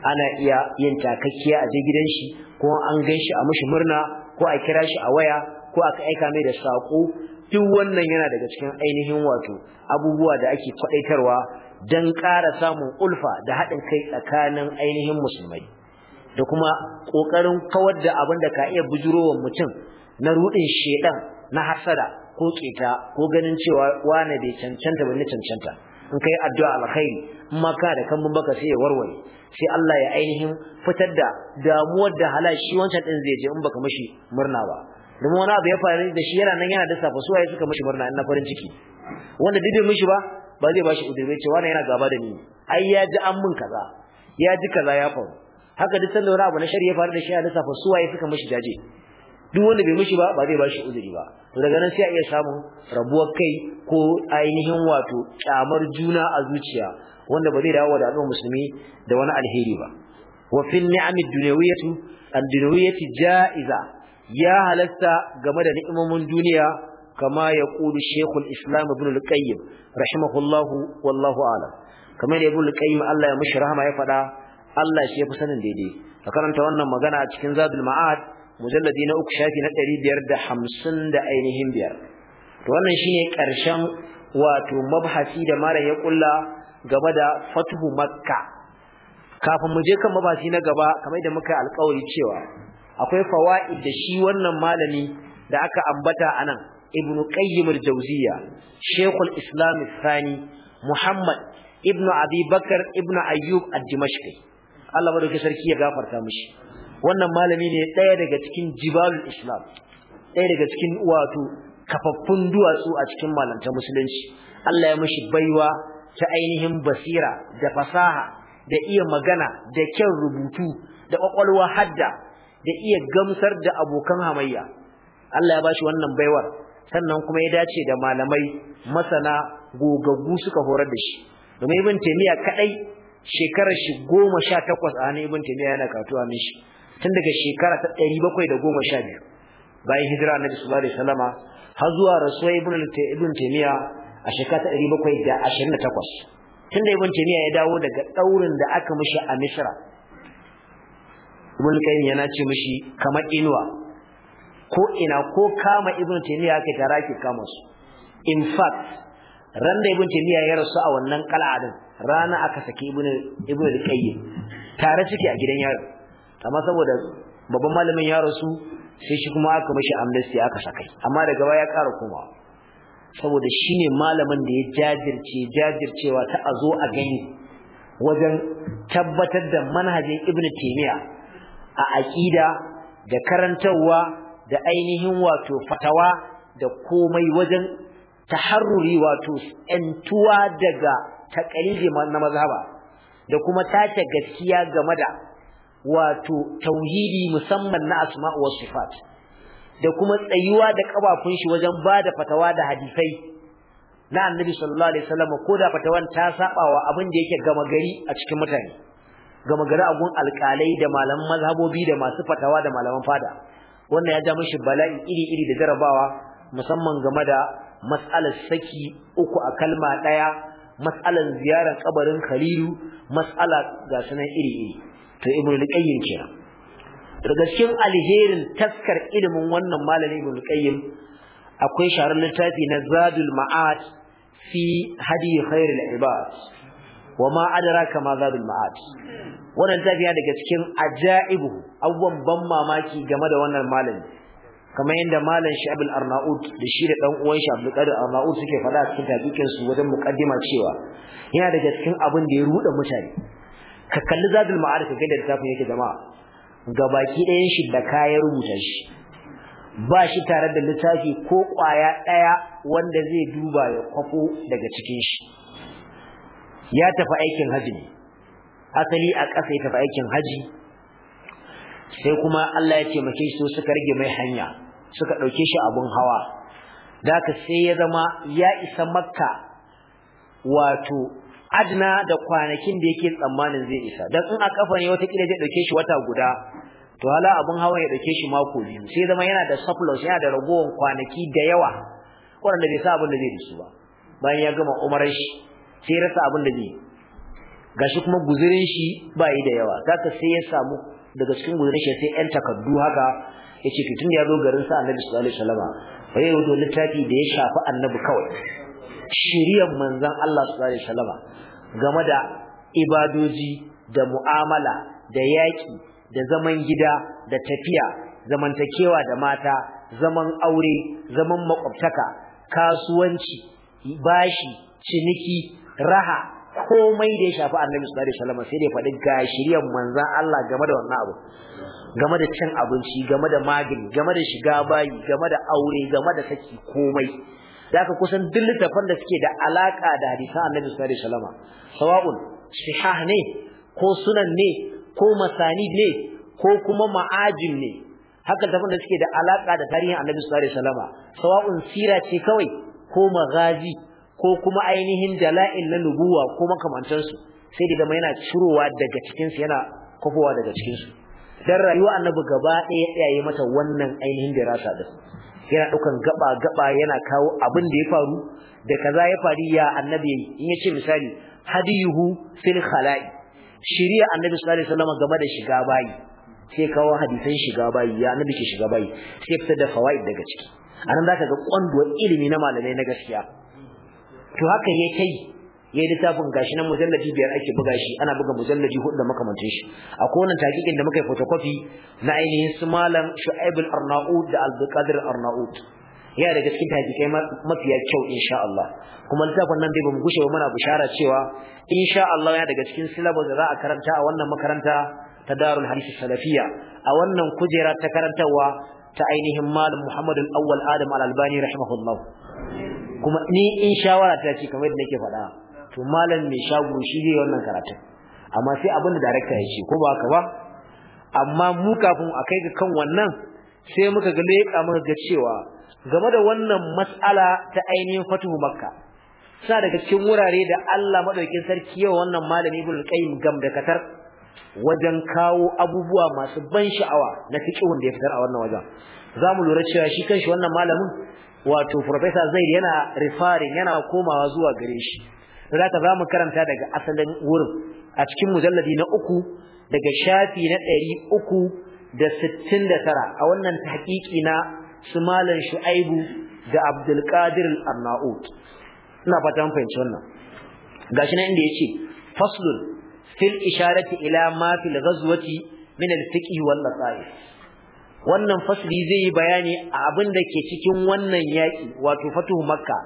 ana iya yin takakkiya a je gidan shi ko an gan shi a mushi murna ko a kira shi a waya ko aka aika mai da sako duk wannan yana daga cikin ainihin wato abubuwa da ake kwadaitarwa dan ƙara samun ulfa da haɗin kai tsakanin ainihin musulmai da kuma ƙoƙarin kawar da abin da ka iya bujurowa mutum na ruɗin shedan na hasada ko ƙeta ko ganin cewa wane bai cancanta ba ni cancanta in kai addu'a alkhairi amma ka da kan baka sai ya warware sai Allah ya ainihin fitar da damuwar da halashi wancan din zai je in baka mishi murna ba domin wani abu ya faru da shi yana nan yana safa suwa ya suka mishi murna ina farin ciki wanda dide mishi ba ba zai bashi udurbe ce wani yana gaba da ni ai ya ji an mun kaza ya ji kaza ya faru haka duk sanda wani abu na shari'a ya faru da shi yana safa suwa ya suka mishi jaje duk wanda bai mishi ba ba zai bashi uzuri ba to daga nan sai a iya samun rabuwar kai ko ainihin wato kyamar juna a zuciya wanda ba zai dawo da al'ummar musulmi da wani alheri ba wa fil ni'ami dunyawiyatu ad ja'iza ya halasta game da ni'imomin duniya kama ya kudu shekul islam ibn al-qayyim rahimahullahu wallahu a'lam kamar ibn al-qayyim Allah ya mishi rahama ya fada Allah shi ya fi sanin daidai ka karanta wannan magana a cikin zadul ma'ad mujalladi na uku shafi na ɗari biyar da hamsin da ainihin biyar to wannan shine ƙarshen wato mabhasi da mara ya kulla game da fatuhu makka kafin mu je kan mabhasi na gaba kamar da muka alƙawari cewa akwai fawaid da shi wannan malami da aka ambata anan ibnu qayyim al-jawziya shaykhul islam thani muhammad ibnu abi bakr ibnu ayyub al-dimashqi Allah madaukakin sarki ya gafarta mishi wannan malami ne ɗaya daga cikin jibalul islam ɗaya daga cikin wato kafaffun duwatsu a cikin malantar musulunci Allah ya mishi baiwa ta ainihin basira da fasaha da iya magana da kyan rubutu da kwakwalwa hadda da iya gamsar da abokan hamayya Allah ya bashi wannan baiwar sannan kuma ya dace da malamai masana gogaggu suka horar da shi domin ibn taymiya kadai shekarar shi 18 a hannun ibn taymiya yana katuwa mishi tun daga shekara ta 712 bayan hijira annabi sallallahu alaihi wasallama har zuwa rasuwa ibn ibn taymiya a shekara ta 728 tun da ibn taymiya ya dawo daga daurin da aka mishi a misra ibn qayyim yana ce mishi kamar inuwa ko ina ko kama ibn taymiya aka tara ki kama su in fact ran da ibn taymiya ya rasu a wannan qal'a rana aka saki ibn ibn qayyim tare suke a gidan yaro amma saboda babban malamin ya rasu sai shi kuma aka mashi amnesty aka sakai amma daga baya ya ƙara koma saboda shine malamin da ya jajirce jajircewa ta azo a gani wajen tabbatar da manhajin Ibn Taymiya a aqida da karantarwa da ainihin wato fatawa da komai wajen taharruri wato entuwa daga takalidi na mazhaba da kuma tace gaskiya game da wato tauhidi musamman na asma'u was sifat da kuma tsayuwa da kafafun shi wajen bada fatawa da hadisai na annabi sallallahu alaihi wasallam ko da fatawan ta saba wa abin da yake gama gari a cikin mutane gama gari a gun alƙalai da malaman mazhabobi da masu fatawa da malaman fada wannan ya ja mishi bala'i iri-iri da jarabawa musamman game da mas'alar saki uku a kalma ɗaya, matsalar ziyarar kabarin khalilu mas'ala ga sunan iri-iri to ibn al-qayyim kenan daga cikin alherin taskar ilimin wannan malamin ibn al-qayyim akwai sharar littafi na zadul ma'ad fi hadi khairul ibad wa ma adraka ma zadul ma'ad wannan tafi ya daga cikin ajaibu abubuwan ban mamaki game da wannan malami kamar yadda malam Sha'ib arnaud da shi da dan uwan shi Abdul Qadir Arnaud suke faɗa cikin tafikin su wajen muqaddima cewa yana daga cikin abin da ya ruɗa mutane ka kalli zadul ma'arif ga da littafin yake jama'a gabaki ɗayan shi da kayan rubuta shi ba shi tare da littafi ko kwaya ɗaya wanda zai duba ya kwafo daga cikin shi ya tafi aikin haji ne asali a ƙasa ya tafi aikin haji sai kuma Allah ya taimake shi so suka rage mai hanya suka ɗauke shi abun hawa da sai ya zama ya isa makka wato adna da kwanakin da yake tsammanin zai isa dan in a kafa ne wata kila zai dauke shi wata guda to hala abun hawa ya dauke shi mako biyu sai zama yana da surplus yana da ragowar kwanaki da yawa wanda bai sa abin da zai disu ba bayan ya gama umarar shi sai ya rasa abin da zai gashi kuma guzurin shi ba yi da yawa zaka sai ya samu daga cikin guzurin shi sai yan takaddu haka yace to tun da ya zo garin sa Annabi sallallahu alaihi wasallam fa yayi littafi da ya shafi Annabi kawai shiryan manzon Allah su zai wasallam game da ibadoji da mu'amala da yaƙi, da zaman gida da tafiya zamantakewa da mata zaman aure zaman makwabtaka kasuwanci bashi ciniki raha komai da ya shafi Annabi sallallahu alaihi wasallam sai da faɗi ga shiriyar manzon Allah game da wannan abu game da cin abinci game da magani game da shiga bayi game da aure game da saki komai da aka kusan duk littafan da suke da alaka da hadisan annabi sallallahu alaihi wasallam sawa'un sihah ne ko sunan ne ko masani ne ko kuma ma'ajin ne haka littafan da suke da alaka da tarihin annabi sallallahu alaihi wasallam sawa'un sira ce kawai ko magazi ko kuma ainihin dala'il na nubuwa ko makamantansu sai da zama yana cirowa daga cikinsu yana kofowa daga cikinsu dan rayuwa annabi gaba ɗaya ya yi mata wannan ainihin dirasa su. yana ɗaukan gaba gaba yana kawo abin da ya faru da kaza ya faru ya annabi in ya ce misali hadiyuhu fil khala'i shiriya annabi sallallahu alaihi wasallam game da shiga bayi sai kawo hadisan shiga bayi ya annabi ke shiga bayi sai fitar da fawaid daga ciki anan zaka ga kwanduwar ilimi na malamai na gaskiya to haka ya kai. ya yi littafin gashi nan mujallaji biyar ake buga shi ana buga mujallaji hudu da makamancin shi A wannan takikin da muka yi photocopy na ainihin su malam shu'aibul arnaud da abdulkadir arnaud yana daga cikin takikai mafiya kyau insha Allah kuma littafin nan dai bamu gushe ba muna bishara cewa insha Allah yana daga cikin syllabus da za a karanta a wannan makaranta ta Darul Hadith Salafiyya a wannan kujera ta karantawa ta ainihin malam Muhammad al-Awwal Adam al-Albani rahimahullah kuma ni in shawara ta ce kamar yadda nake faɗa to malam mai shago shi zai wannan karatun amma sai abin da darakta ya ce ko ba haka ba amma mu kafin a kai ga kan wannan sai muka ga leƙa muka ga cewa game da wannan matsala ta ainihin fatuhu makka sa daga cikin wurare da Allah madaukin sarki yau wannan malami ibn qayyim gam da katar wajen kawo abubuwa masu ban sha'awa na fiqhun da ya fitar a wannan wajen zamu lura cewa shi kanshi wannan malamin wato professor Zaid yana referring yana komawa zuwa gare shi da haka zamu karanta daga asalin wurin a cikin mujalladi na uku daga shafi na ɗari uku da sittin da tara a wannan tahqiqi na su shu'aibu da abdul qadir al-arnaut ina fatan mun fahimci wannan gashi nan inda yace faslun fil isharati ila ma fil ghazwati min al-fiqh wal wannan fasli zai yi bayani a abin da ke cikin wannan yaki wato fatuhu makka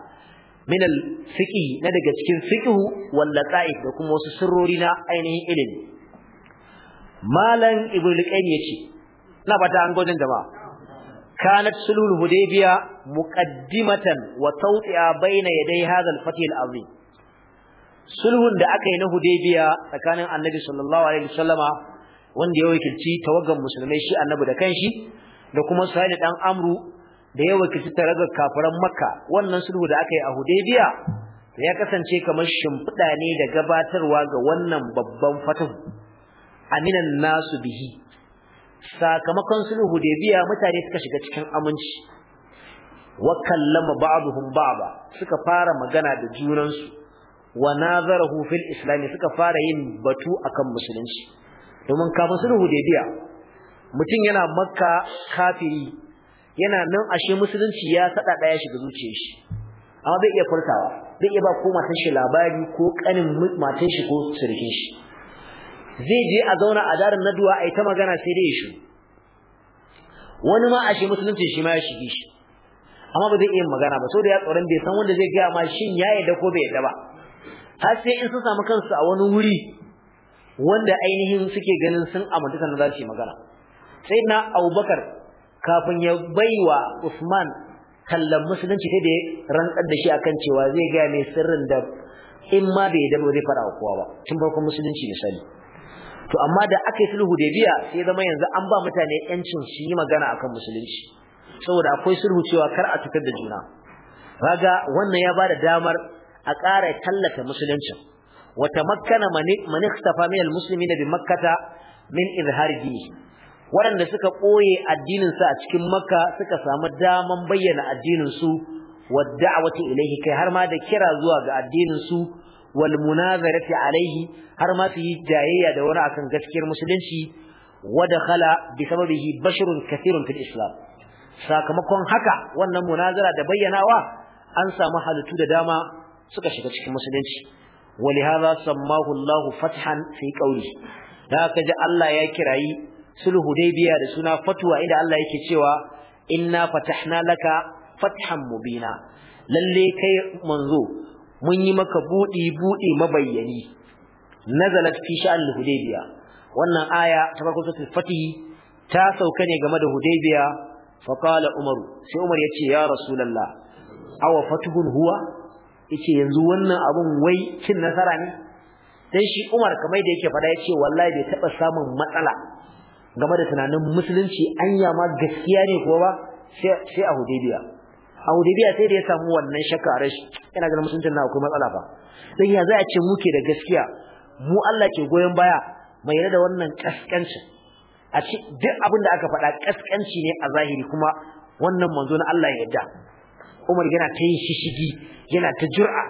min al na daga cikin fiqhu wal laqa'i da kuma wasu sirrori na ainihin ilimi malan ibnu al-qayyim yace ina bata an gojin jama'a kanat sulul hudaybiya muqaddimatan wa tawti'a bayna yaday hadha al-fath al-azim sulhun da aka yi na hudaybiya tsakanin annabi sallallahu alaihi wasallama wanda ya wakilci tawaggan musulmai shi annabi da kanshi da kuma da dan amru da yawa kici taraga kafiran makka wannan sulhu da aka yi a hudaybiya ya kasance kamar shimfiɗa ne da gabatarwa ga wannan babban fatahu aminan nasu bihi sakamakon sulhu hudaybiya mutane suka shiga cikin aminci wa kallama ba'dhum ba'da suka fara magana da junansu wa nazarahu fil islam suka fara yin batu akan musulunci domin kafin sulhu hudaybiya mutum yana makka kafiri yana nan ashe musulunci ya sada daya shiga zuciyar shi amma bai iya furtawa bai iya ba ko matan shi labari ko kanin matan shi ko sirkin shi zai je a zauna a darin naduwa a yi ta magana sai dai shi wani ma ashe musulunci shi ma ya shige shi amma ba zai iya magana ba saboda ya tsoron bai san wanda zai gaya ma shin ya yadda ko bai yadda ba har sai in sun samu kansu a wani wuri wanda ainihin suke ganin sun aminta na za su yi magana sai na abubakar kafin ya baiwa Usman kallon musulunci sai da rantsar da shi akan cewa zai gaya mai sirrin da in ma bai da zai fara kowa ba tun farkon musulunci sani. to amma da aka yi sulhu da biya sai zama yanzu an ba mutane yancin su yi magana akan musulunci saboda akwai sulhu cewa kar a tukar da juna Raga wannan ya bada damar a ƙara tallata musuluncin Wata tamakkana mani ikhtafa min al-muslimina bi makkata min izhar dinihi waɗanda suka ɓoye addininsu a cikin makka suka samu daman bayyana addininsu wa da'awati ilaihi kai har ma da kira zuwa ga addininsu wal munazarati alaihi har ma su yi jayayya da wani akan gaskiyar musulunci wa dakhala bi sababihi basharun kathirun fil islam sakamakon haka wannan munazara da bayyanawa an samu halittu da dama suka shiga cikin musulunci ولهذا سماه الله فتحا في قوله da kaji Allah ya kirayi sulh hudaybiya da suna fatwa inda Allah yake cewa inna fatahna laka fathan mubina lalle kai manzo mun yi maka budi budi mabayyani nazalat fi sha'an hudaybiya wannan aya ta farko suratul fatih ta sauka ne game da hudaybiya fa qala umar sai umar yace ya rasulullah aw fatuhun huwa yace yanzu wannan abun wai cin nasara ne dan shi umar kamar da yake fada yace wallahi bai taba samun matsala game da tunanin musulunci anya ma gaskiya ne kuwa ba sai a hudaybiya a hudaybiya sai da ya samu wannan shakka a rashi yana ganin musuluncin na akwai matsala ba ya za a ce muke da gaskiya mu Allah ke goyon baya mai yarda da wannan kaskanci a ce duk abin da aka faɗa kaskanci ne a zahiri kuma wannan manzo na Allah ya yarda Umar yana ta yin shishigi yana ta jur'a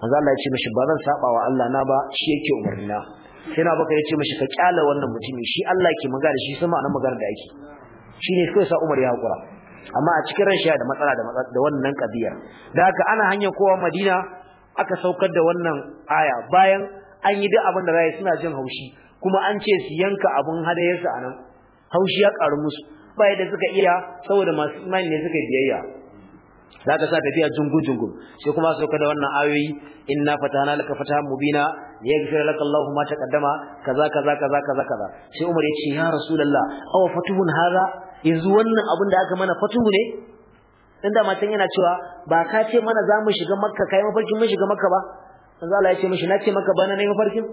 manzo Allah ya ce mishi ba zan saba wa Allah na ba shi yake umarni na sai na baka yace mishi ka kyala wannan mutumi shi Allah ke magana shi sama anan magana da yake shine kai sa Umar ya hakura amma a cikin ran shi da matsala da da wannan kabiyar da haka ana hanyar kowa Madina aka saukar da wannan aya bayan an yi duk abin da rayi suna jin haushi kuma an ce su yanka abin hadayarsa anan haushi ya karu musu bai da suka iya saboda masu imani ne suka biyayya zaka sa tafiya jungu jungu sai kuma sauka da wannan ayoyi inna fatana laka fatahan mubina yaghfir laka Allahu ma taqaddama kaza kaza kaza kaza kaza sai Umar ya ce ya rasulullah aw fatuhun hadha yanzu wannan abin da aka mana fatuhu ne inda da matan yana cewa ba ka ce mana za mu shiga makka kai mafarkin mun shiga makka ba manzo Allah ya ce mishi nace maka bana ne mafarkin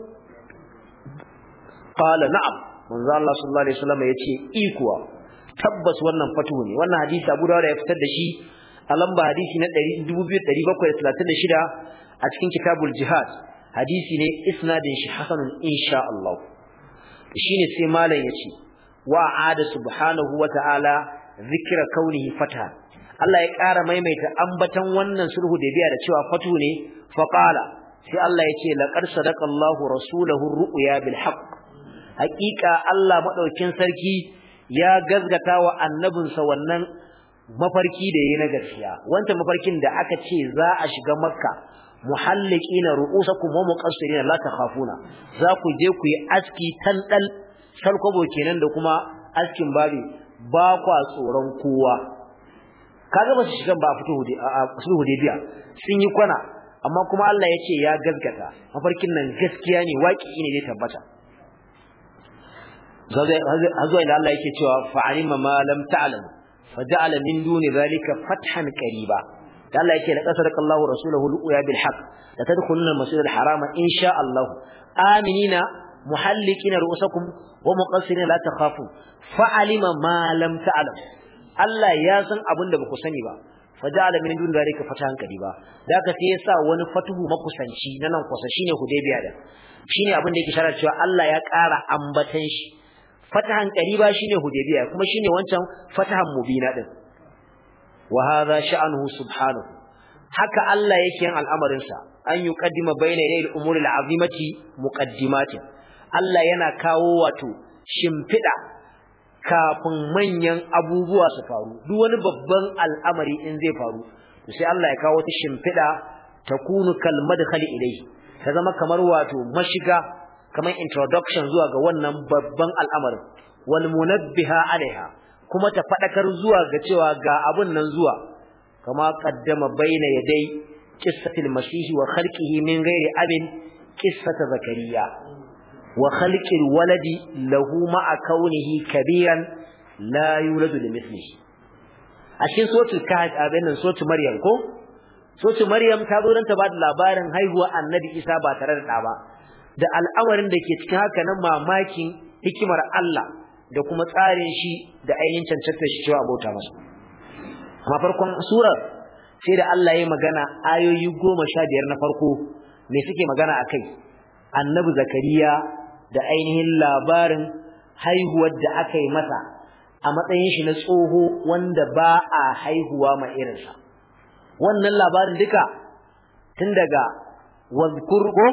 qala na'am manzo Allah sallallahu alaihi wasallam ya ce i kuwa tabbas wannan fatuhu ne wannan hadisi Abu Dawud ya fitar da shi a lamba hadisi na 2736 a cikin kitabul jihad hadisi ne isnadin shi hasanun insha Allah shine sai malam yace wa ada subhanahu wa ta'ala zikra kaunihi fata Allah ya ƙara maimaita ambatan wannan sulhu da biya da cewa fatu ne fa qala sai Allah yace laqad sadaqa Allahu rasulahu ru'ya bil haqq haqiqa Allah madaukin sarki ya gazgata wa annabinsa wannan mafarki da yayi na gaskiya wancan mafarkin da aka ce za a shiga makka muhalliqina ru'usakum wa muqassirina la takhafuna za ku je ku yi aski tandal salkobo kenan da kuma askin babi ba kwa tsoron kowa kaga ba su shigan ba fito hude su biya. sun yi kwana amma kuma Allah ya ce ya gaskata mafarkin nan gaskiya ne waki ne zai tabbata zai zai Allah yake cewa fa'alima ma lam ta'lam faja'ala min duni zalika fathan qariba da Allah yake la qasaraka Allahu rasuluhu lu'ya bil haqq la tadkhuluna masjidal harama insha aminina muhallikina ru'usakum wa muqassirina la takhafun fa'alima ma lam ta'lam Allah ya san abin da baku sani ba faja'ala min duni zalika fathan qariba da ka sai yasa wani fatuhu makusanci na nan kusa shine Hudaybiya da shine abin da yake sharar cewa Allah ya ƙara ambatan shi fatahan qariba shine hudaybiya kuma shine wancan fatahan mubina din wa hadha sha'nuhu subhanahu haka Allah yake yin al'amarin sa an yuqaddima bayna yadayil umuril azimati muqaddimatin Allah yana kawo wato shimfida kafin manyan abubuwa su faru duk wani babban al'amari in zai faru to sai Allah ya kawo ta shimfida takunu kal madkhali ilayhi ta zama kamar wato mashiga kamar introduction zuwa ga wannan babban al'amarin wal munabbiha alaiha kuma ta fadakar zuwa ga cewa ga abun nan zuwa kama qaddama baina ya qissatil masih wa khalqihi min ghairi abin qissata zakariya wa khalqil waladi lahu ma'a kaunihi kabiran la yuladu limithlihi a cikin suratul kahf abin nan suratul maryam ko suratul maryam ta zo don ta ba da labarin haihuwa annabi isa ba tare da ɗa ba da al'amarin da ke cikin haka nan mamakin hikimar Allah da kuma tsarin shi da ainihin cancanta shi cewa abota masa amma farkon surar sai da Allah ya magana ayoyi goma sha biyar na farko me suke magana a kai annabi zakariya da ainihin labarin haihuwar da aka yi masa a matsayin shi na tsoho wanda ba a haihuwa ma irinsa wannan labarin duka tun daga wazkurko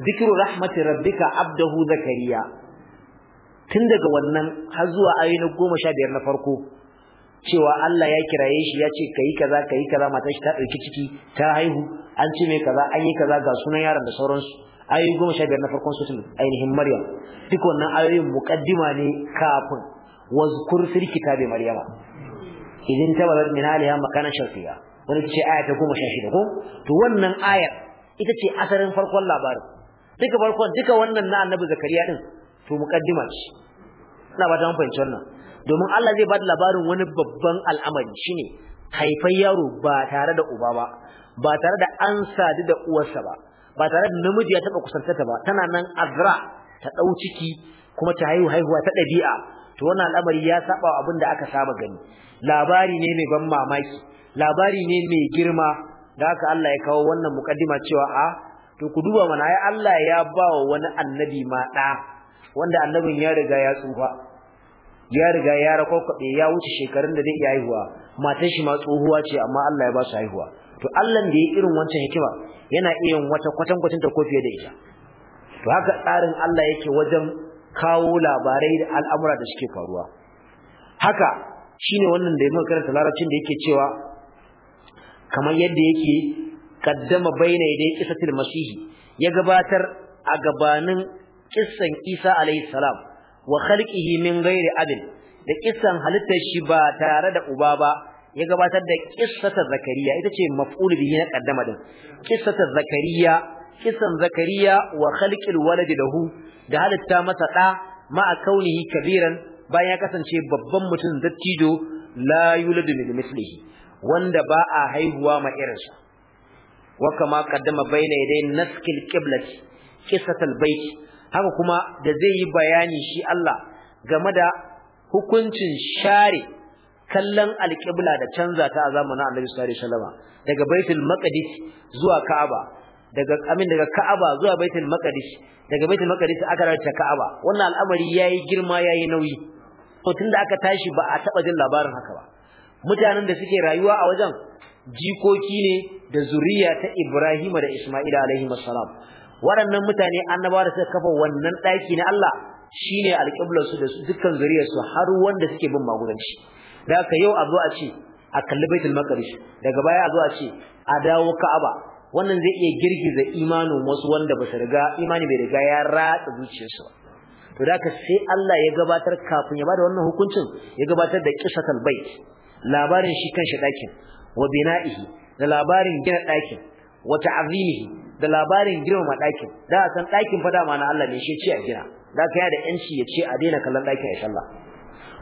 rahmati rahmatir rabbika abdahu zakariya tun daga wannan har zuwa goma sha biyar na farko cewa Allah ya kiraye shi ya ce kai kaza kai kaza matar shi ta ɗauki ciki ta haihu an ce mai kaza an yi kaza ga sunan yaron da sauransu ayoyi biyar na farkon sutun ainihin Maryam duk wannan ayoyin muqaddima ne kafin wazkur fil kitabi maryama idan tabarat min aliha makana shafiya wani ce aya ta shida ko to wannan ayar ita ce asarin farkon labarin duka farkon duka wannan na annabi zakariya din to muqaddima shi ina ba ta mun fahimci wannan domin Allah zai bada labarin wani babban al'amari shine haifai yaro ba tare da uba ba ba tare da an sadu da uwarsa ba ba tare da namiji ya taba ta ba tana nan azra ta dau ciki kuma ta haihu haihuwa ta dabi'a to wannan al'amari ya saba abin da aka saba gani labari ne mai ban mamaki labari ne mai girma da haka Allah ya kawo wannan muqaddima cewa a ah, to ku duba mana ai Allah ya ba wa wani annabi ma da wanda annabin ya riga ya tsufa ya riga ya rakokwabe ya wuce shekarun da zai iya haihuwa matan shi ma tsohuwa ce amma Allah ya ba su haihuwa to Allah da ya irin wancan hikima yana iya yin wata kwatan ta ko fiye da ita to haka tsarin Allah yake wajen kawo labarai da al'amura da suke faruwa haka shine wannan da ya muka karanta larabcin da yake cewa kamar yadda yake kaddama baina yadai qisatil masihi ya gabatar a gabanin kissan Isa alayhi salam wa khalqihi min ghairi abin da kissan halittar shi ba tare da uba ba ya gabatar da qissatar zakariya ita ce maf'ul bihi na kaddama din qissatar zakariya kissan zakariya wa khalqil waladi lahu da halitta masa da ma kaunihi kabiran bayan ya kasance babban mutum dattijo la yuladu min mislihi wanda ba a haihuwa ma irinsa وكما قدم بين يدي نسك naskil قصة البيت bait haka kuma da zai yi bayani shi Allah game da hukuncin share kallon alƙibla da canza ta a zamanin Annabi sallallahu alaihi wasallam daga baitul maqdis zuwa ka'aba daga amin daga ka'aba zuwa baitul maqdis daga baitul maqdis aka rarta ka'aba wannan al'amari yayi girma yayi nauyi to tunda aka tashi ba a taba jin labarin haka ba mutanen da suke rayuwa a wajen jikoki ne da zuriya ta Ibrahim da Isma'il alaihi salam waɗannan mutane annabawa da suka kafa wannan ɗaki na Allah shine alƙiblar su da dukkan zuriyar su har wanda suke bin magudanci da haka yau a zo a ce a kalli Baitul Maqdis daga baya a zo a ce a dawo Ka'aba wannan zai iya girgiza imanin wasu wanda ba su riga imani bai riga ya ratsa zuciyarsu ba to da haka sai Allah ya gabatar kafin ya bada wannan hukuncin ya gabatar da qisatul bait labarin shi kan shi ɗakin wa bina'ihi da labarin gina ɗakin wa ta'azimihi da labarin girmama ɗakin da san ɗakin fada mana Allah ne shi ce a gina da ka da yanci ya ce a daina kallon ɗakin ya sallah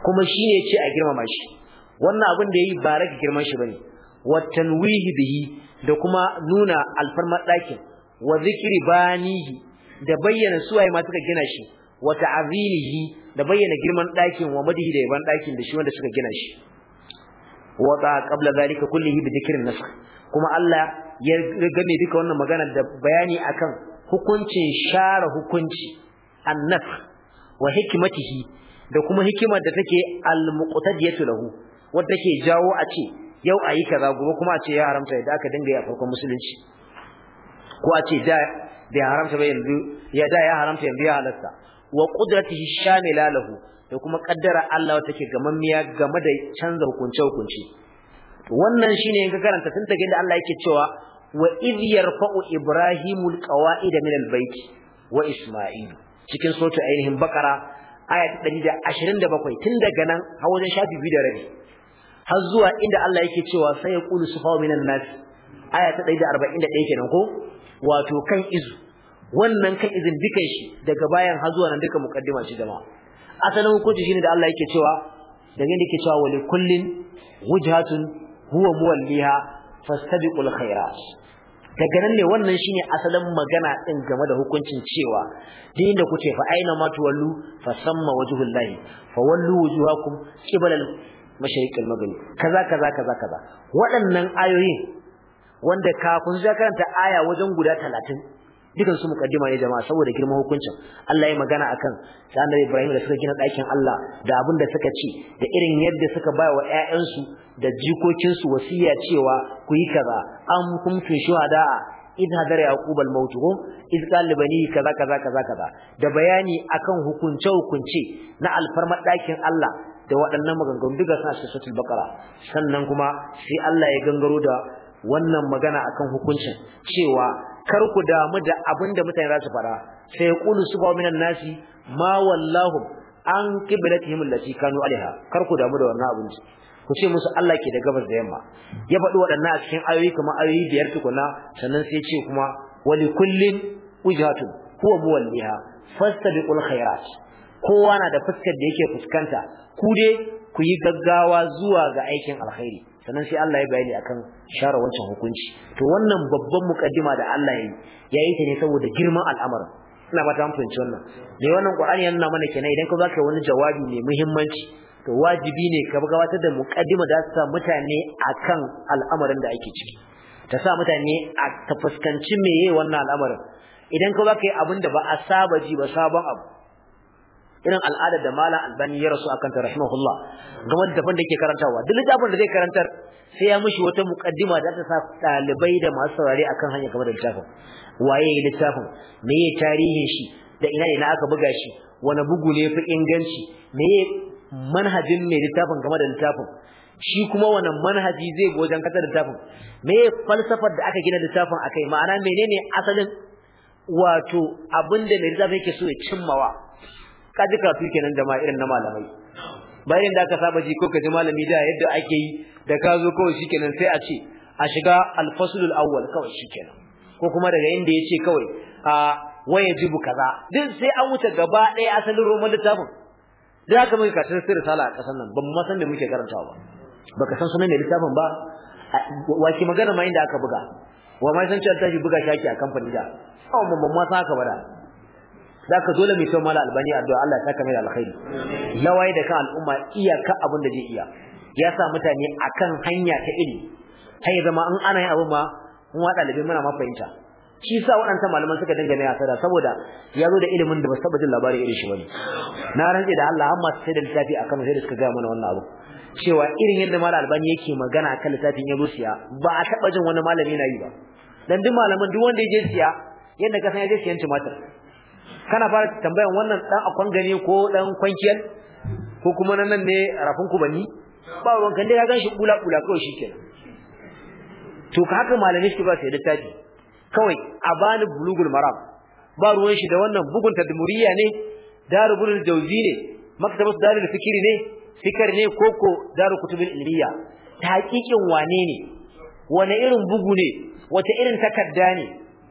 kuma shi ne ya ce a girmama shi wannan abin da yayi ba rage girman shi bane wa tanwihi bihi da kuma nuna alfarma ɗakin wa zikri banihi da bayyana suwaye ma suka gina shi wa ta'azimihi da bayyana girman ɗakin wa madihi da yaban ɗakin da shi wanda suka gina shi wada kabla zalika kullihi bi dhikrin nasakh kuma Allah ya game duka wannan magana da bayani akan hukuncin share hukunci annasakh wa hikmatihi da kuma hikimar da take al-muqtadiyatu lahu wadda ke jawo a ce yau ayi kaza gobe kuma a ce ya haramta yadda aka dinga ya farko musulunci ko a ce da bai haramta ya da ya haramta yanzu ya wa qudratihi shamila da kuma kaddara Allah gaman gamammiya game da canza hukunce hukunci wannan shine in ka karanta tun daga inda Allah yake cewa wa idh yarfa'u ibrahimul qawa'id min albayt wa isma'il cikin sura ainihin bakara aya 127 tun daga nan har wajen shafi biyu da rabi har zuwa inda Allah yake cewa sai ya qulu sufa minan nas aya ta 141 kenan ko wato kan izu wannan kan izin dukan shi daga bayan har zuwa nan duka mukaddima shi jama'a asalin hukunci shine da Allah yake cewa da gani yake cewa wali kullin wujhatun huwa muwalliha fastabiqul khairat daga nan ne wannan shine asalin magana din game da hukuncin cewa din da kuce fa aina ma tuwallu fa samma wajhullahi fa wallu wujuhakum qibala al-mashriq al-maghrib kaza kaza kaza kaza waɗannan ayoyin wanda kafin za karanta aya wajen guda talatin. dukan su mukaddima ne jama'a saboda girman hukuncin Allah ya magana akan ta annabi Ibrahim da suka gina ɗakin Allah da abin da suka ci da irin yadda suka bawa wa ƴaƴansu da jikokinsu wasiya cewa ku yi kaza an kuntum shuhada idh hadara yaqub al-maut hum idh qala bani kaza kaza kaza kaza da bayani akan hukunce hukunce na alfarmar ɗakin Allah da waɗannan maganganu duka suna cikin suratul baqara sannan kuma sai Allah ya gangaro da wannan magana akan hukuncin cewa kar ku damu da abin da mutane za su fara sai qulu subhanahu minan nasi ma wallahu an qiblatihim allati kanu alaiha kar ku damu da wannan abin ku ce musu Allah ke da gabas da yamma ya faɗi waɗannan a cikin ayoyi kamar ayoyi biyar tukuna sannan sai ce kuma wali kullin wujhatun huwa muwalliha fastabiqul khairat kowa na da fuskar da yake fuskanta ku dai ku yi gaggawa zuwa ga aikin alkhairi sannan sai Allah ya bayani akan share wancan hukunci to wannan babban mukaddima da Allah ya yi yayi ta ne saboda girman al'amara ina ba ta fahimci wannan me wannan Qur'ani yana mana kenan idan ka zaka wani jawabi mai muhimmanci to wajibi ne ka gabatar da mukaddima da ta mutane akan al'amarin da ake ciki ta sa mutane a ta fuskanci meye wannan al'amarin idan ka zaka yi abin da ba a saba ji ba sabon abu irin al'adar da malam albani ya rasu akan ta rahimahullah game da tafin da yake karantawa duk littafin da zai karantar sai ya mishi wata mukaddima da ta sa dalibai da masu saurare akan hanya game da littafin waye ya littafin me ya tarihin shi da ina ina aka buga shi wani bugu ne fi inganci me ya manhajin mai littafin game da littafin shi kuma wannan manhaji zai bi wajen kasar littafin me ya falsafar da aka gina littafin akai ma'ana menene asalin wato abinda mai littafin yake so ya cimmawa ka ji karatu kenan da ma irin na malamai ba irin da aka saba ji ko ka ji malami da yadda ake yi da ka zo kawai shikenan sai a ce a shiga al-faslul awwal kawai shikenan ko kuma daga inda yace kawai a waya jibu kaza duk sai an wuce gaba ɗaya asalin roman littafin da aka muke karatun tsira sala a kasan nan ban ma san da muke karantawa ba baka san sunan littafin ba wake magana ma inda aka buga wa mai san cewa tashi buga shaki a kamfani da amma ban ma san haka bada. zaka dole mai tawon mala albani addu'a Allah ya saka mai alkhairi lawaye da kan al'umma iya ka abun da zai iya ya sa mutane akan hanya ta ilimi sai ya zama an ana yin abu ma mun wa dalibai muna ma fahimta shi sa waɗannan malaman suka dinga ne asara saboda ya zo da ilimin da ba su taba jin labari irin shi bane na rantsi da Allah amma sai da littafi akan sai da suka ga mana wannan abu cewa irin yadda malam albani yake magana akan littafin ya siya ba a taba jin wani malami na yi ba dan duk malaman duk wanda ya je siya yadda ka san ya je siyan tumatir kana fara tambayan wannan dan akwan gane ko dan kwankiyar ko kuma nan ne rafin bani ba ruwan kan dai ka ganshi kula kula kawai shikenan to ka haka malamai shi ba sai da tafi kawai a bani bulugul maram ba ruwan shi da wannan bugun tadmuriya ne darul jawzi ne maktabat darul fikri ne fikar ne koko daru kutubul ilmiya hakikin wane ne wane irin bugu ne wata irin takarda ne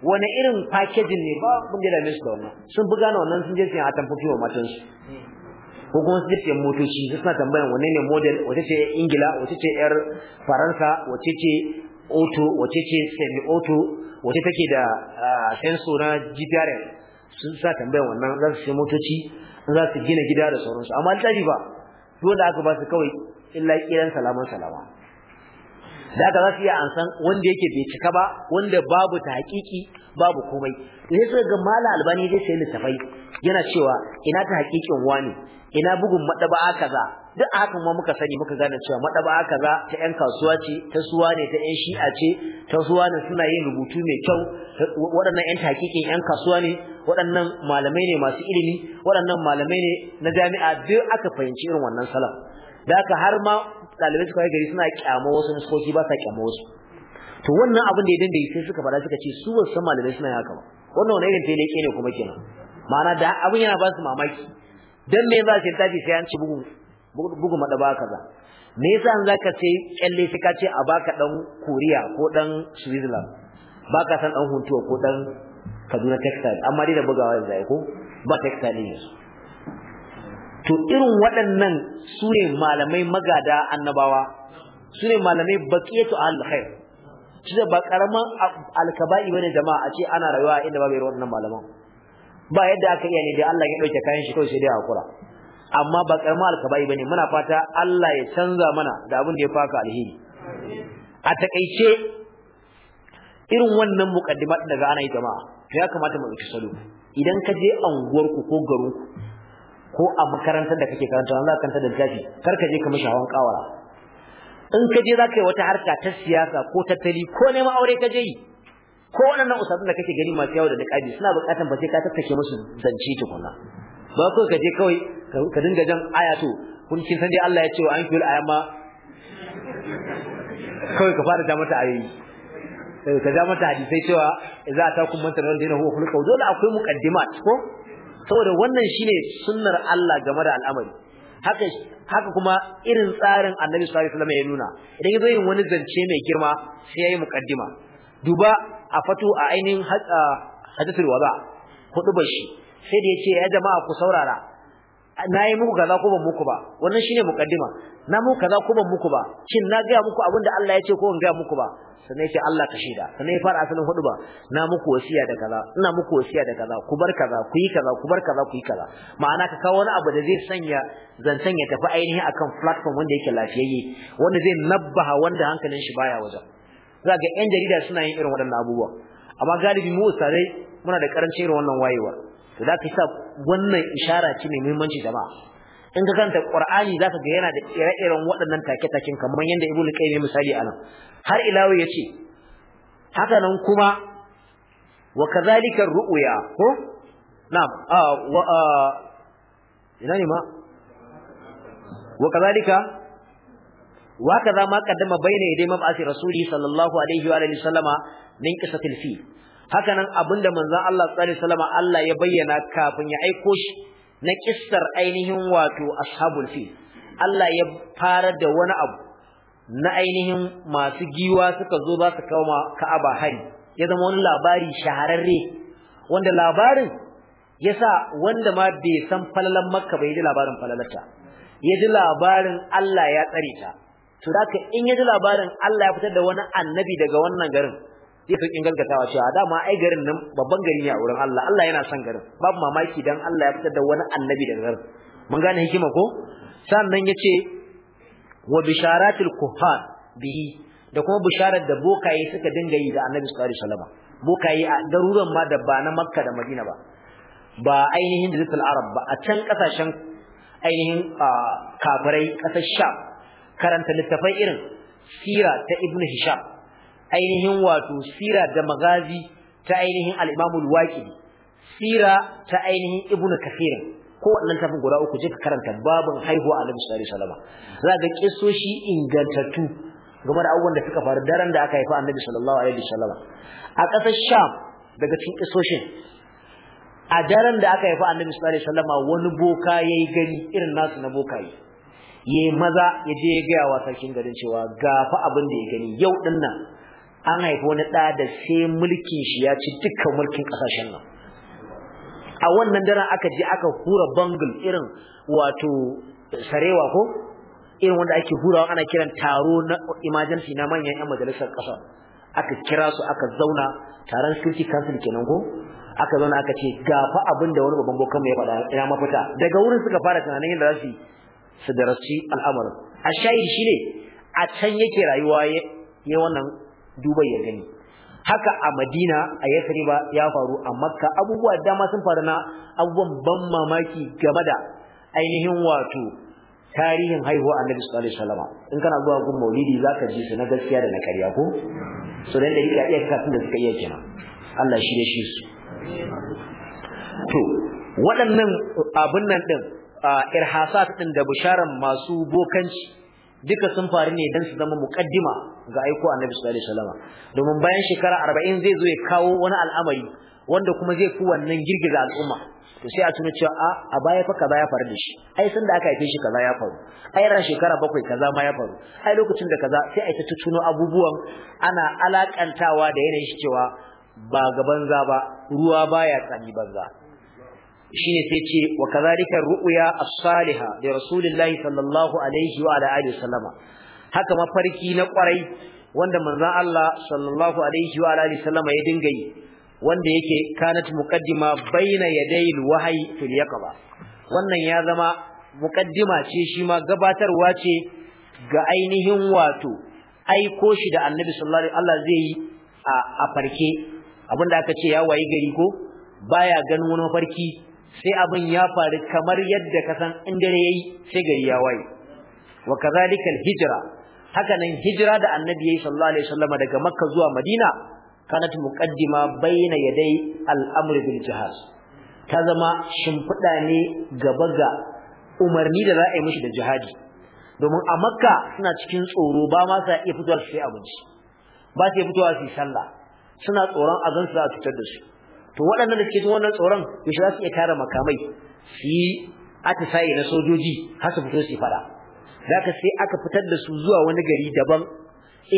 wani irin fakejin ne ba kun da mai shi da wannan sun buga na wannan sun je a tamfafi wa matansu ko kuma sun jirgin motoci su suna tambayan wane ne model wace ce ingila wace ce yar faransa wace ce auto wace ce semi auto wace take da ah, sensor na GPRM, sun sa tambayan wannan za su ce motoci za su gina gida da sauransu amma littafi ba dole aka ba su kawai illa kiran salaman salama da aka za su iya ansan wanda yake bai cika ba wanda babu ta hakiki, babu komai sai su ga mala albani zai sai littafai yana cewa ina ta hakikin wani ina bugun madaba'a kaza duk hakan ma muka sani muka gane cewa madaba'a kaza ta yan kasuwa ce ta suwa ne ta yan shi'a ce ta suwa ne suna yin rubutu mai kyau waɗannan yan haƙiƙin yan kasuwa ne waɗannan malamai ne masu ilimi waɗannan malamai ne na jami'a duk aka fahimci irin wannan salam da ka har ma dalibai suka yi gari suna kyama wasu nuskoki ba sa kyamo wasu to wannan abin da ya danda sai suka fada suka ce su ba san malamai suna haka ba wannan wani irin ke ne kuma kenan ma'ana da abin yana ba su mamaki dan me za su tafi sai an ci bugu bugu madaba kaza me yasa an zaka ce kyalle sai ka ce a baka dan Korea ko dan Switzerland baka san dan Huntuwa ko dan Kaduna textile amma dai da bugawa yanzu ai ko ba textile ne to irin waɗannan su ne malamai magada annabawa su ne malamai baqiyatu al-khair shi ne ba ƙaramin alkaba'i bane jama'a a ce ana rayuwa inda ba irin waɗannan malaman ba yadda aka iya ne dai Allah ya ɗauke kayan shi kawai sai dai hakura amma ba ƙaramin alkaba'i bane muna fata Allah ya canza mana da abin da ya faka alheri a taƙaice irin wannan muqaddimat daga ana yi jama'a ya kamata mu ɗauki salo idan ka je anguwarku ko garinku ko a makarantar da kake karanta Allah kanta da littafi kar ka je ka mishi hawan kawara in ka je zaka yi wata harka ta siyasa ko tattali ko neman aure ka je yi ko wannan ustadin da kake gani masu yawa da niqabi suna bukatan ba sai ka tattake musu zance tukuna ba ko ka je kawai ka dinga jan aya to kun kin san dai Allah ya ce wa an fil ayama kawai ka fara da mata ayoyi sai ka ja mata hadisai cewa idza ta kun mantar da wanda yana huwa kullu dole akwai muqaddimat ko saboda wannan shine sunnar Allah game da al'amari haka kuma irin tsarin Annabi sallallahu alaihi wasallam ya nuna idan yazo yin wani zance mai girma sai yi muqaddima duba a fatu a ainihin ba, wada hudubar shi sai da yace ya jama'a ku saurara Na yi muku kaza ko ban muku ba wannan shine mukaddima na muku kaza ko ban muku ba shin na ga muku abin da Allah ya ce ko ban ga muku ba sannan ya ce Allah ka shaida sannan ya fara asalin hudu ba na muku wasiya da kaza ina muku wasiya da kaza ku bar kaza ku yi kaza ku bar kaza ku yi kaza ma'ana ka kawo wani abu da zai sanya zancen ya tafi ainihin akan platform wanda yake lafiyayye wanda zai nabbaha wanda hankalin shi baya wajen za ga yan jarida suna yin irin waɗannan abubuwa amma galibi mu ustadai muna da karancin irin wannan wayewar to za ka sa wannan ishara ce mai muhimmanci jama'a in ka kanta qur'ani za ka ga yana da ire-iren waɗannan take-taken kamar yadda ibnu qayyim ya misali anan har ilawo ya ce haka nan kuma wa kadhalika ru'ya ko na'am wa ina ne ma wa kadhalika wa kaza ma qaddama bayna yaday mab'asi rasuli sallallahu alaihi wa alihi sallama min qisatil fi hakanan abinda manzon Allah sallallahu alaihi wasallam Allah ya bayyana kafin ya aiko shi na kissar ainihin wato ashabul fil Allah ya fara da wani abu na ainihin masu giwa suka zo za su kawo Ka'aba hari ya zama wani labari shahararre wanda labarin yasa wanda ma bai san falalan Makka bai ji labarin falalata ya ji labarin Allah ya tsare ta to da in ya ji labarin Allah ya fitar da wani annabi daga wannan garin zai sauƙin gaskatawa cewa dama ai garin nan babban gari ne a wurin Allah Allah yana son garin babu mamaki dan Allah ya fitar da wani annabi daga garin mun gane hikima ko sannan yace wa bisharatil kuhan bihi da kuma bisharar da bokaye suka dinga yi da annabi sallallahu alaihi wasallam bokaye a garuruwan ma da ba na makka da madina ba ba ainihin da jazirtul arab ba a can kasashen ainihin kafirai kasar sha, karanta littafai irin sira ta ibnu hisham ainihin wato sira da magazi ta ainihin al waƙi, sira ta ainihin Ibn Kathir ko wannan tafin guda uku je ka karanta babin haihuwa nabi sallallahu alaihi wasallam za ga kissoshi ingantattu game da abubuwan da suka faru daren da aka haifa Annabi sallallahu alaihi wasallam a ƙasar Sham daga cikin kissoshin a daren da aka haifa Annabi sallallahu alaihi wasallam wani boka yayi gari irin nasu na bokaye yayi maza ya je ya ga wa sarkin garin cewa gafa abin da ya gani yau dinnan an haifi wani ɗa da sai mulkin shi ya ci dukkan mulkin ƙasashen nan a wannan daren aka je aka hura bangul irin wato sarewa ko irin wanda ake hurawa ana kiran taro na emergency na manyan 'yan majalisar ƙasa aka kira su aka zauna taron security council kenan ko aka zauna aka ce ga fa abin da wani babban bokan mai faɗa ina mafita daga wurin suka fara tunanin yadda za su darasi al'amarin a shahid ne a can yake rayuwa ya wannan Dubai ya gani haka a Madina a ba ya faru a Makka abubuwa dama sun faru na abubuwan ban mamaki game da ainihin wato tarihin haihuwa Annabi sallallahu alaihi wasallam in kana zuwa gun Maulidi zaka ji su na gaskiya da na ƙarya ko so dan da ka iya kafin da suka iya kenan Allah shi da shi su to waɗannan abun nan din irhasat din da bisharan masu bokanci duka sun faru ne dan su zama muqaddima ga aiko annabi sallallahu alaihi wasallam domin bayan shekara 40 zai zo ya kawo wani al'amari wanda kuma zai fi wannan girgiza al'umma to sai a tuna cewa a a baya fa kaza ya faru da shi ai aka haife shi kaza ya faru ai ran shekara bakwai kaza ma ya faru ai lokacin da kaza sai a ta tuno abubuwan ana alakantawa da yanayin shi cewa ba gaban za ba ruwa baya tsani banza ne sai ce wa kazalikan ru'uya a saliha da rasulillahi sallallahu alaihi wa ala alihi haka mafarki na kwarai wanda manzon Allah sallallahu alaihi wa ala alihi ya dinga yi wanda yake kanat muqaddima baina yaday al-wahyi fil yaqba wannan ya zama muqaddima ce shi ma gabatarwa ce ga ainihin wato aiko shi da annabi sallallahu alaihi Allah zai yi a farke abinda aka ce ya wayi gari ko baya ganin wani mafarki sai abin ya faru kamar yadda ka san in dare yayi sai gari ya waye wa kazalikal hijra haka nan hijira da annabi yayi sallallahu alaihi wasallam daga makka zuwa madina kanat muqaddima baina yaday al-amr bil jihad ta zama shimfida ne gaba ga umarni da za a yi mishi da jihadi domin a makka suna cikin tsoro ba ma sa iya fitowa su abinci ba su fitowa su sallah suna tsoron azan su za a cutar da su to waɗannan da suke cikin wannan tsoron yaushe za su iya kare makamai su yi atisaye na sojoji har su fito su fada zaka sai aka fitar da su zuwa wani gari daban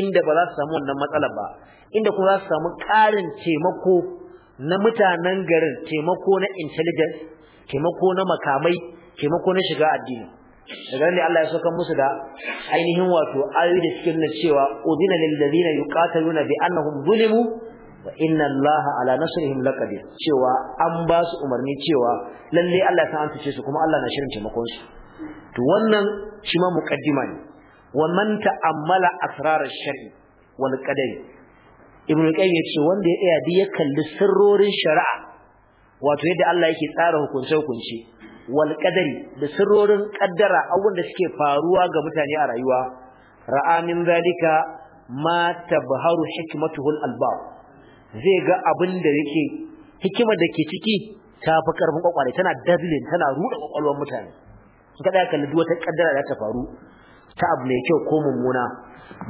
inda ba za su samu wannan matsalar ba inda kuma za su samu ƙarin taimako na mutanen garin taimako na intelligence taimako na makamai taimako na shiga addini daga nan ne Allah ya saukar musu da ainihin wato ayoyi da suke nuna cewa udina lil ladina yuqataluna bi annahum zulimu wa inna Allah ala nasrihim laqadir cewa an ba su umarni cewa lalle Allah ta antace su kuma Allah na shirin taimakon su to wannan shi ma muqaddima ne wa man ta'ammala asrar ash-shar'i wal qadari ibn qayyim ya ce wanda ya tsaya duk ya kalli sirrorin shari'a wato yadda Allah yake tsara hukunce hukunce wal qadari da sirrorin kaddara abubuwan da suke faruwa ga mutane a rayuwa Ra'anin min zalika ma tabharu hikmatuhu al-albab zai ga abin da yake hikimar da ke ciki ta fi karfin kwakwale tana dazzling tana ruɗa kwakwalwar mutane in ka kalli duk ta kaddara da ta faru ta abu mai kyau ko mummuna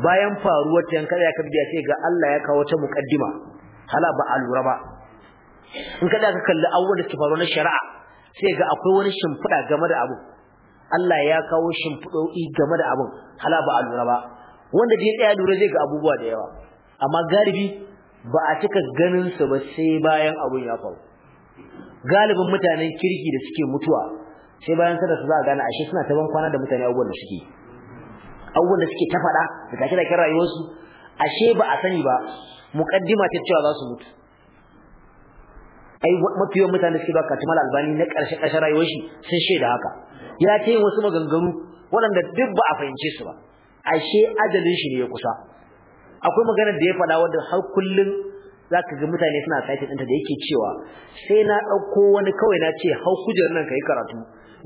bayan faruwar ta yanka ya kabbiya sai ga Allah ya kawo ta muqaddima hala ba alura ba in ka ka kalli abubuwan da ke faru na shari'a sai ga akwai wani shimfiɗa game da abu Allah ya kawo shimfiɗo'i game da abin hala ba a lura ba wanda dai tsaya lura zai ga abubuwa da yawa amma galibi ba a cika ganin su ba sai bayan abun ya faru galibin mutanen kirki da suke mutuwa sai bayan sada su za a gane ashe suna ta ban kwana da mutane abubuwan da suke abubuwan da suke ta faɗa da kake da rayuwarsu ashe ba a sani ba muqaddima ta cewa za su mutu ai mafiyan mutane suke ba Katimal Albani na ƙarshe ƙarshen rayuwar shi sun shaida haka ya ce wasu maganganu waɗanda duk ba a fahimce su ba ashe ajalin shi ne ya kusa akwai maganar da ya faɗa wanda har kullum zaka ga mutane suna cikin ɗinta da yake cewa sai na ɗauko wani kawai na ce hau kujerar nan kai karatu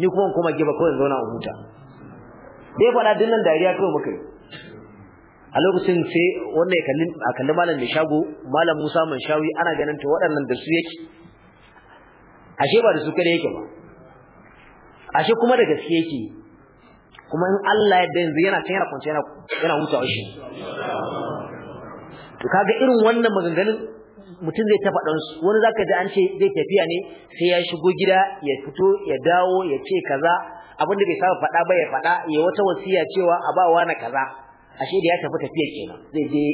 ni kuma kuma giba kawai zauna a huta ya faɗa dinnan dariya kawai muka yi a lokacin sai wanda ya kalli a kalli malam da shago malam Musa man shawi ana ganin to waɗannan da su yake ashe ba da su kada yake ba ashe kuma da gaske yake kuma in Allah ya yanzu yana kan yana kwance yana yana hutawa shi to kaga irin wannan maganganun mutum zai ta faɗan su wani zaka ji an ce zai tafiya ne sai ya shigo gida ya fito ya dawo ya ce kaza abin da bai saba faɗa ba ya faɗa ya wata wasiya cewa a bawa na kaza ashe da ya tafi tafiya kenan zai je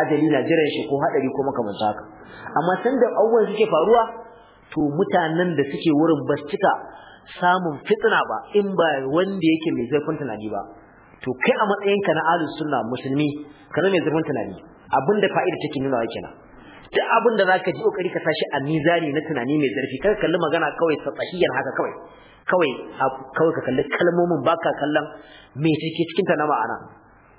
ajali na jiran shi ko hadari ko makamanta haka amma san da abubuwan suke faruwa to mutanen da suke wurin ba samun fitina ba in ba wanda yake mai zafin tunani ba to kai a matsayinka na ahlus sunna musulmi kana mai zafin tunani Abin da fa'ida take nuna wa kenan duk za zaka ji kokari ka tashi a mizani na tunani mai zarfi kar kalli magana kawai tsatsahiyar haka kawai kawai kawai ka kalli kalmomin baka kallon me take cikin ta na ma'ana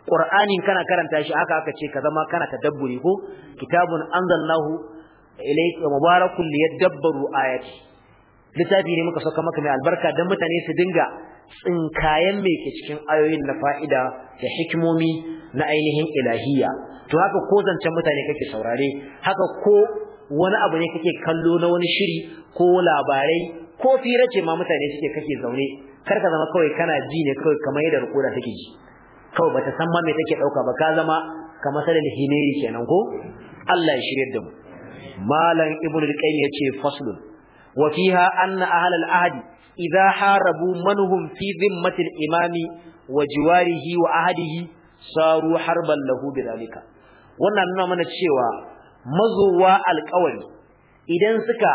Qur'anin kana karanta shi haka aka ce ka zama kana tadabburi ko kitabun anzalnahu ilayka mubarakun liyadabbaru ayati littafi ne muka saka maka mai albarka dan mutane su dinga tsinkayen me ke cikin ayoyin na fa'ida da hikimomi na ainihin ilahiya to haka ko zancen mutane kake saurare haka ko wani abu ne kake kallo na wani shiri ko labarai ko fira ce ma mutane suke kake zaune kar ka zama kawai kana ji ne kawai kamar yadda rukuda take ji kawai bata san ma me take dauka ba ka zama kamar salil himeri kenan ko Allah ya shirye da mu malam ibnu al-qayyim yace faslun wa fiha anna ahlal ahadi, idha harabu manhum fi dhimmati al-imami wa jiwarihi wa ahadihi. saru harban lahu bidalika wannan nuna mana cewa mazuwa alƙawari idan suka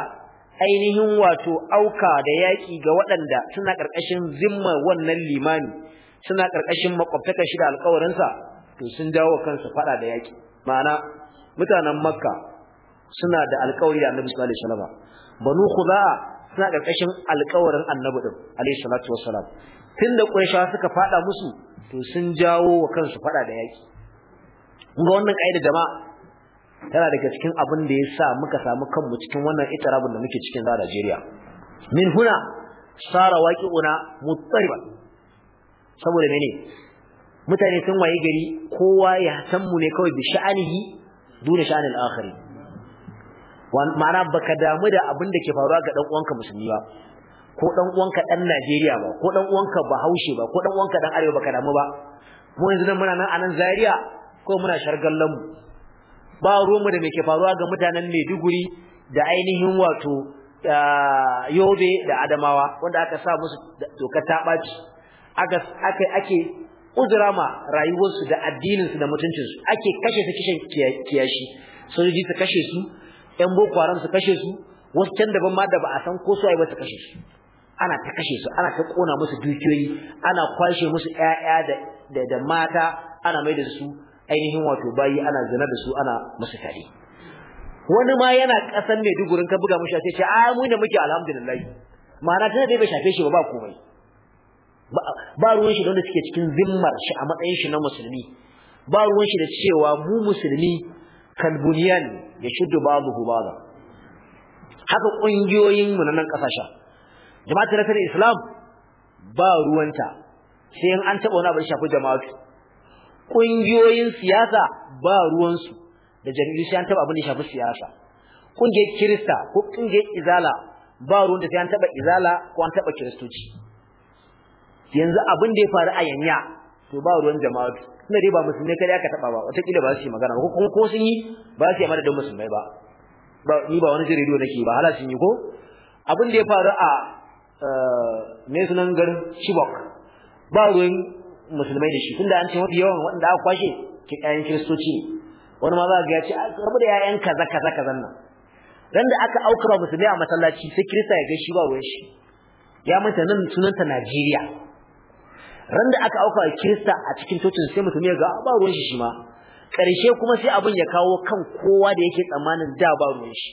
ainihin wato auka da yaƙi ga waɗanda suna ƙarƙashin zimma wannan limani suna ƙarƙashin makwabtaka shi da alƙawarinsa to sun dawo kansu faɗa da yaƙi ma'ana mutanen makka suna da alƙawari da annabi sallallahu alaihi wasallam banu khuza'a suna ƙarƙashin alƙawarin annabi din alaihi salatu wassalam tunda Qurayshawa suka fada musu to sun jawo wa kansu fada da yaki kun ga wannan kaida jama'a tana daga cikin abin da yasa muka samu kanmu cikin wannan itirabin da muke cikin da Najeriya min huna sara waqi'una muttariban saboda mene mutane sun waye gari kowa ya san mu ne kawai bi sha'anihi duna sha'anil akhari ma'ana baka damu da abin da ke faruwa ga dan uwanka musulmi ba ko dan uwanka dan Najeriya ba ko dan uwanka Bahaushe ba ko dan uwanka dan Arewa ka damu ba mu yanzu nan muna nan a nan Zaria ko muna shargallan mu ba ruwanmu da me ke faruwa ga mutanen Maiduguri da ainihin wato Yobe da Adamawa wanda aka sa musu dokar ta baci aka ake ake uzurama rayuwarsu da addininsu da mutuncinsu ake kashe su kishin kiyashi sojoji su kashe su 'yan boko haram su kashe su wasu can daban ma da ba a san ko su ai ba su kashe su ana ta kashe su ana ta kona musu dukiyoyi ana kwashe musu ƴaƴa da da mata ana mai da su ainihin wato bayi ana zina da su ana musu tare wani ma yana kasan mai dugurin ka buga mushi sai ce a mu ne muke alhamdulillah ma'ana tana dai ba shafe shi ba ba komai ba ruwan shi da suke cikin zimmar shi a matsayin shi na musulmi ba ruwan shi da cewa mu musulmi kan kalbuniyan ya shuddu babu hubaba haka kungiyoyin mu na nan kasashen na nasrul islam ba ruwanta sai an taba wani abu shafi jama'atu kungiyoyin siyasa ba ruwansu da jami'i sai an taba abin da shafi siyasa kungiyar kirista ko kungiyar izala ba ruwanta sai an taba izala ko an taba kiristoci yanzu abin da ya faru a yanya to ba ruwan jama'atu tunda dai ba musulmai kada aka taba ba wata kila ba su yi magana ko kuma ko sun yi ba su yi amana da musulmai ba Ba ni ba wani jin nake ba hala yi ko abin da ya faru a Eh, me sunan garin Chibok ba ruwan musulmai da shi tunda an ce mafi yawan waɗanda aka kwashe ki ƴaƴan kiristoci ne wani ma za ga ya ce a rabu da ƴaƴan kaza kaza kaza nan dan da aka aukara musulmai a masallaci sai kirista ya ga shi ba ruwan shi ya manta nan sunanta Najeriya ran da aka auka kirista a cikin cocin sai mutum ya ga ah, ba ruwan shi shi ma karshe kuma sai abin ya kawo kan kowa da yake tsammanin da ba ruwan shi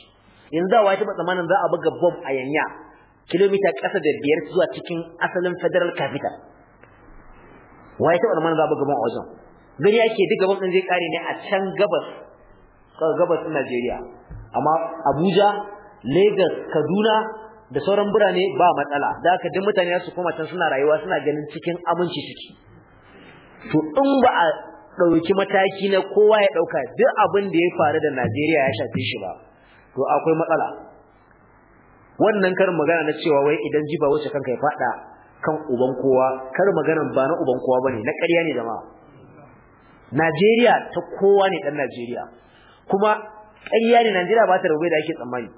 yanzu da wata taba tsammanin za a buga bomb a yanya kilomita ƙasa da biyar zuwa cikin asalin federal capital waye taɓa mana babu gaban ozon gani ake duk gaban ɗin zai kare ne a can gabas gabas ɗin Najeriya amma Abuja Lagos Kaduna da sauran birane ba matsala da haka duk mutane su koma can suna rayuwa suna ganin cikin aminci ciki. to in ba a ɗauki mataki na kowa ya ɗauka duk abin da ya faru da Najeriya ya shafe shi ba to akwai matsala wannan karin magana na cewa wai idan jiba wace kanka ya fada kan uban kowa karin magana ba na uban kowa bane na ƙarya ne jama'a Najeriya ta kowa ne dan Najeriya kuma ƙarya ne Najeriya ba ta rubai da yake tsammani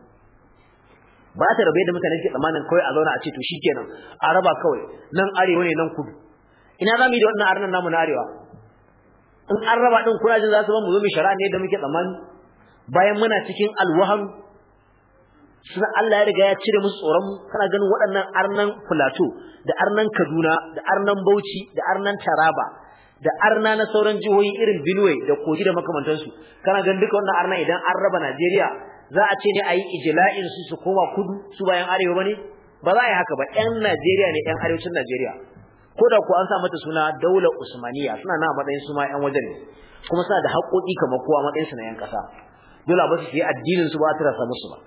ba ta rubai da mutane ke tsammanin kawai a zauna a ce to shikenan a raba kawai nan arewa ne nan kudu ina zamu yi da wannan arnan namu na arewa in an raba din kuna jin za su ba mu zo mu shara ne da muke tsammani bayan muna cikin alwahan suna Allah ya riga ya cire musu tsoron kana ganin waɗannan arnan plateau da arnan Kaduna da arnan Bauchi da arnan Taraba da arna na sauran jihohi irin Benue da Kogi da makamantansu kana ganin duka wannan arna idan an raba Najeriya za a ce ne ayi ijla'in su su koma kudu su bayan arewa bane ba za a yi haka ba ƴan Najeriya ne ƴan arewacin Najeriya ko da ko an sa mata suna daular Usmaniya suna na matsayin su ma ƴan wajen ne kuma suna da haƙoƙi kamar kowa matsayin su na ƴan ƙasa dole ba su yi addinin su ba a rasa musu ba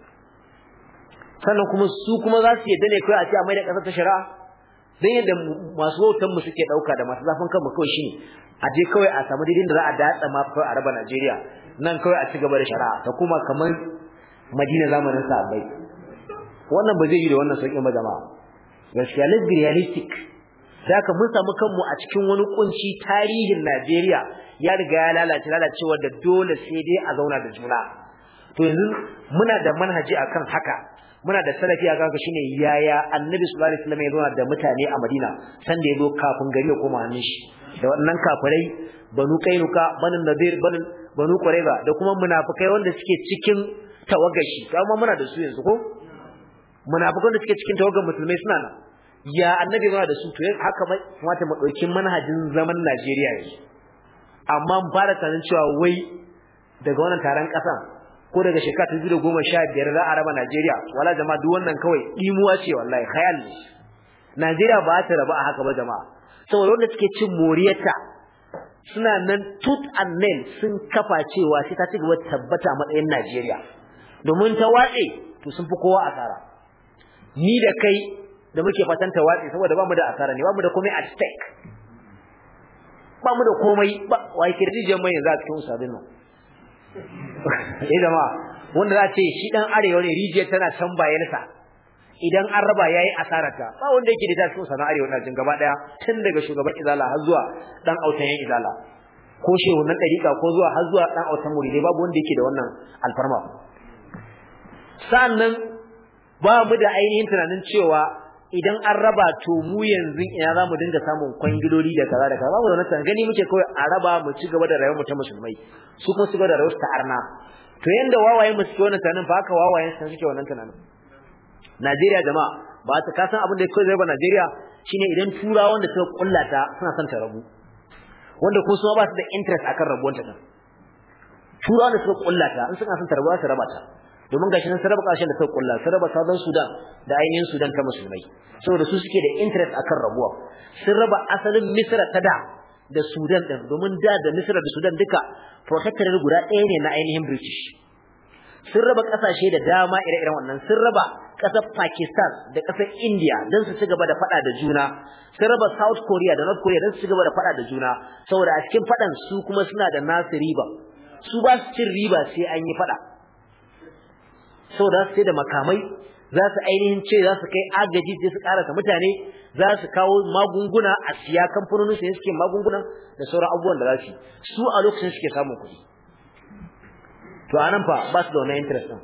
sannan kuma su kuma za su yadda ne kai a ce a mai da ƙasar ta shari'a dan yadda masu mu suke ɗauka da masu zafin kanmu kawai shine a je kawai a samu daidai da za a datsa ma fa a raba Najeriya nan kawai a ci da shari'a ta kuma kamar Madina zamanin sahabbai wannan ba zai yi da wannan sauƙin ba jama'a gaskiya let's be realistic da ka mun samu kanmu a cikin wani kunci tarihin Najeriya ya riga ya lalace lalacewa da dole sai dai a zauna da juna to yanzu muna da manhaji akan haka muna da salafi a kanka shine yaya annabi sallallahu alaihi wasallam ya zauna da mutane a Madina san da ya zo kafin gari ya koma hannun shi da wannan kafirai banu kainuka banu nadir banu banu ba. da kuma munafikai wanda suke cikin tawagashi kuma muna da su yanzu ko munafikan da suke cikin tawagar musulmai suna nan ya annabi zauna da su to haka mai kuma mu dauki manhajin zaman Najeriya yanzu amma mu fara tsanin cewa wai daga wannan taron ƙasa ko daga shekara ta dubu goma sha biyar za a raba Najeriya wala jama'a duk wannan kawai dimuwa ce wallahi khayal ne Najeriya ba ta raba a haka ba jama'a saboda wanda suke cin moriyarta suna nan tut and nail sun kafa cewa sai ta ci gaba tabbata a matsayin Najeriya domin ta watse to sun fi kowa asara ni da kai da muke fatan ta watse saboda ba mu da asara ne ba mu da komai at stake ba mu da komai ba wai kirjin jama'a yanzu a cikin usadin nan idan eh, ma wanda za ce shi dan arewa ne rijiyar tana can bayansa idan an raba yayi asararta ba wanda yake da tashin sana arewa na jin gaba daya tun daga shugaban izala har zuwa dan autan yan izala ko shehu wannan dariqa ko zuwa har zuwa dan autan muride babu wanda yake da wannan alfarma sa'annan babu da ainihin tunanin cewa idan an raba to mu yanzu ina za mu dinga samun kwangiloli da kaza da kaza babu wannan gani muke kawai a raba mu ci gaba da rayuwar mu ta musulmai su kuma su gaba da rayuwar ta arna to yanda wawaye mu suke wannan tunanin fa ka wawaye san suke wannan tunanin Najeriya jama'a ba ta kasan abin da yake zai ba Najeriya shine idan tura wanda suka kullata suna son ta rabu wanda ko su ba su da interest akan rabuwar ta tura wanda suka kullata in suna son ta rabu za su raba ta domin gashi nan sarrafa kashin da saukulla kulla sarrafa sudan da ainihin sudan ta musulmai saboda su suke da interest akan rabuwa sun raba asalin Misira ta da da sudan din domin da da misra da sudan duka protectorate guda ɗaya ne na ainihin british sun raba kasashe da dama ire-iren wannan sun raba kasar pakistan da kasar india don su ci gaba da fada da juna sun raba south korea da north korea don su ci gaba da fada da juna saboda a cikin fadan su kuma suna da nasu riba su ba su cin riba sai an yi fada da su sai da makamai za su ainihin ce za su kai agaji sai su karasa mutane za su kawo magunguna a siya kamfanonin su suke magunguna da sauran abubuwan da za su su a lokacin suke samun kuɗi to nan fa ba su da wani interest din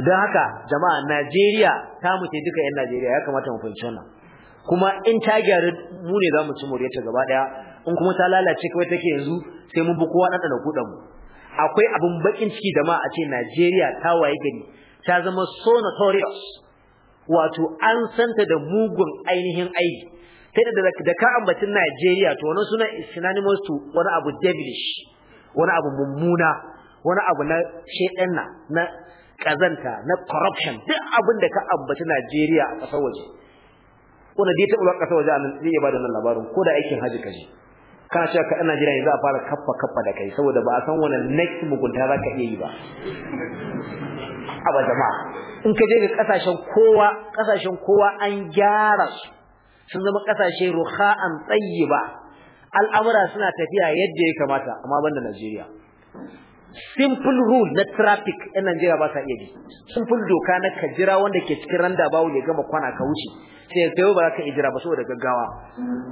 idan haka jama'a Najeriya ta mutu duka yan Najeriya ya kamata mu fahimci wannan kuma in ta gyaru mu ne za mu ci ta gaba daya in kuma ta lalace kawai take yanzu sai mun bi kowa ɗanɗana kuɗan mu akwai abin bakin ciki da ma a ce Najeriya ta waye gari ta zama so notorious wato an santa da mugun ainihin aiki sai da da ka ambatin Najeriya to wannan suna synonymous to wani abu devilish wani abu mummuna wani abu na shedan na na kazanta na corruption duk abin da ka ambaci Najeriya a kasar waje wannan dai ta uwa kasar waje zai iya da nan labarin ko da aikin haji kaje kana cewa ka ina jira yanzu a fara kaffa kaffa da kai saboda ba a san wani next mugunta za ka iya yi ba aba jama'a in ka je ga kasashen kowa kasashen kowa an gyara su sun zama kasashe tsayi ba. al'amura suna tafiya yadda ya kamata amma banda Najeriya simple rule na traffic ɗin Najeriya ba sa iya bi simple doka na ka jira wanda ke cikin randa bawo ya gama kwana ka wuce sai sai ba za ka jira ba saboda gaggawa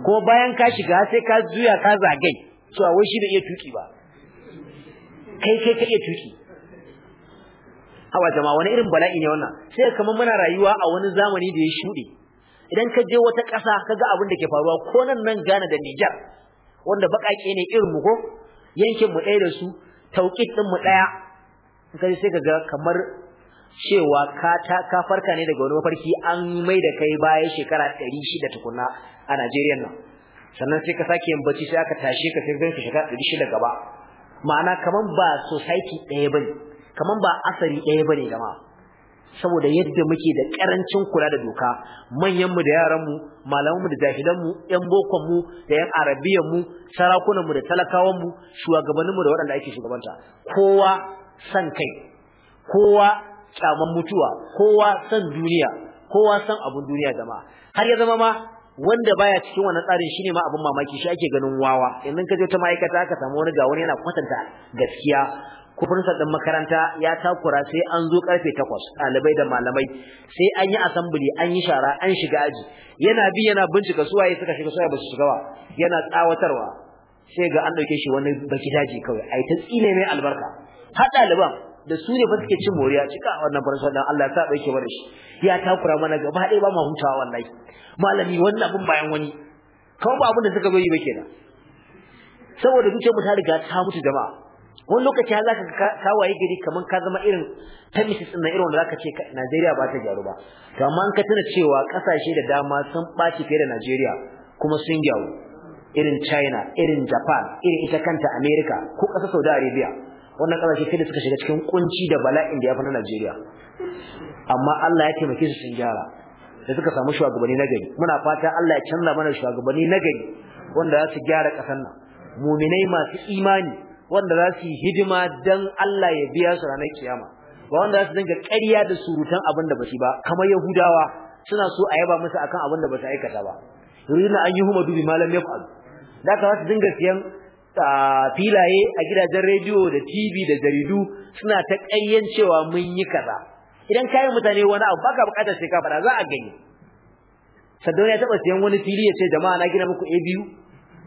Ko bayan ka shiga sai ka juya ka zagai a wai shi da iya tuki ba kai kai ka iya tuki hawa jama'a wani irin bala'i ne wannan sai kamar muna rayuwa a wani zamani da ya shuɗe idan ka je wata ƙasa ka ga abin da ke faruwa ko nan nan Ghana da Niger wanda baƙaƙe ne irin mu ko yankin mu ɗaya da su Taukit din mu daya kai sai kaga kamar cewa ka ta ka farka ne daga wani mafarki an mai da kai baya shekara 600 tukunna a Najeriya nan sannan sai ka sake yin bacci sai aka tashi ka sai ganka shekara 600 gaba ma'ana kaman ba society ɗaya bane kaman ba asari ɗaya bane jama'a saboda yadda muke da karancin kula da doka manyan da yaranmu, mu malaman mu da jahilan yan bokon mu da yan arabiyan mu sarakunan da talakawan mu shugabannin da waɗanda ake shugabanta kowa san kai kowa kyaman mutuwa kowa san duniya kowa san abun duniya zama. har ya zama ma wanda baya cikin wannan tsarin shine ma abin mamaki shi ake ganin wawa idan ka je ta ma'aikata ka samu wani ga wani yana kwatanta gaskiya kufurinsa ɗin makaranta ya takura sai an zo karfe takwas ɗalibai da malamai sai an yi asambili an yi shara an shiga aji yana bi yana bincika su waye suka shiga suwaye ba su shiga ba yana tsawatarwa sai ga an ɗauke shi wani baki daji kawai ai ta tsine mai albarka har ɗaliban da su ne ba suke cin moriya cika wannan farsa dan Allah ta dauke mana shi ya takura mana gaba ɗaya ba mu hutawa wallahi malami wannan abun bayan wani kawai ba abin da suka zo yi ba kenan saboda zuciyar mu ta riga ta mutu jama'a wani lokaci har za ka waye gari kamar ka zama irin ta misis na irin wanda zaka ce Najeriya ba ta gyaru ba to amma an ka tuna cewa kasashe da dama sun baci fiye da Najeriya kuma sun gyaru irin China irin Japan irin ita kanta Amerika, ko kasar Saudi Arabia wannan kasashe fiye da suka shiga cikin kunci da bala'in da ya fi na Najeriya amma Allah ya taimake su sun gyara da suka samu shugabanni na gari muna fata Allah ya canza mana shugabanni na gari wanda za su gyara kasar nan muminai masu imani wanda za su yi hidima dan Allah ya biya su ranar kiyama ba wanda za su dinga ƙarya da surutan abin da ba shi ba kamar yahudawa suna so a yaba musu akan abin da ba su aikata ba yuridina an huma dubi malam yaf'al da ka za su dinga siyan filaye a gidajen rediyo da TV da jaridu suna ta ƙaryan cewa mun yi kaza idan kayan mutane wani abu baka bukatar sai ka za a gani Saddauna ya taba siyan wani fili ya ce jama'a na gina muku A biyu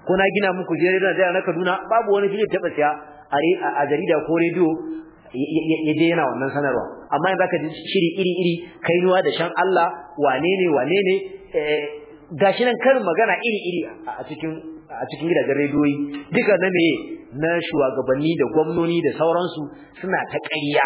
ko na gina muku jarida da na Kaduna babu wani shirye taba siya a jarida ko rediyo ya je yana wannan sanarwa amma idan ka ji shiri iri iri kainuwa da shan Allah wane ne wane ne eh, gashi nan karin magana iri iri a cikin a cikin gidajen rediyoyi duka na meye na shugabanni da gwamnoni da sauransu suna ta ƙarya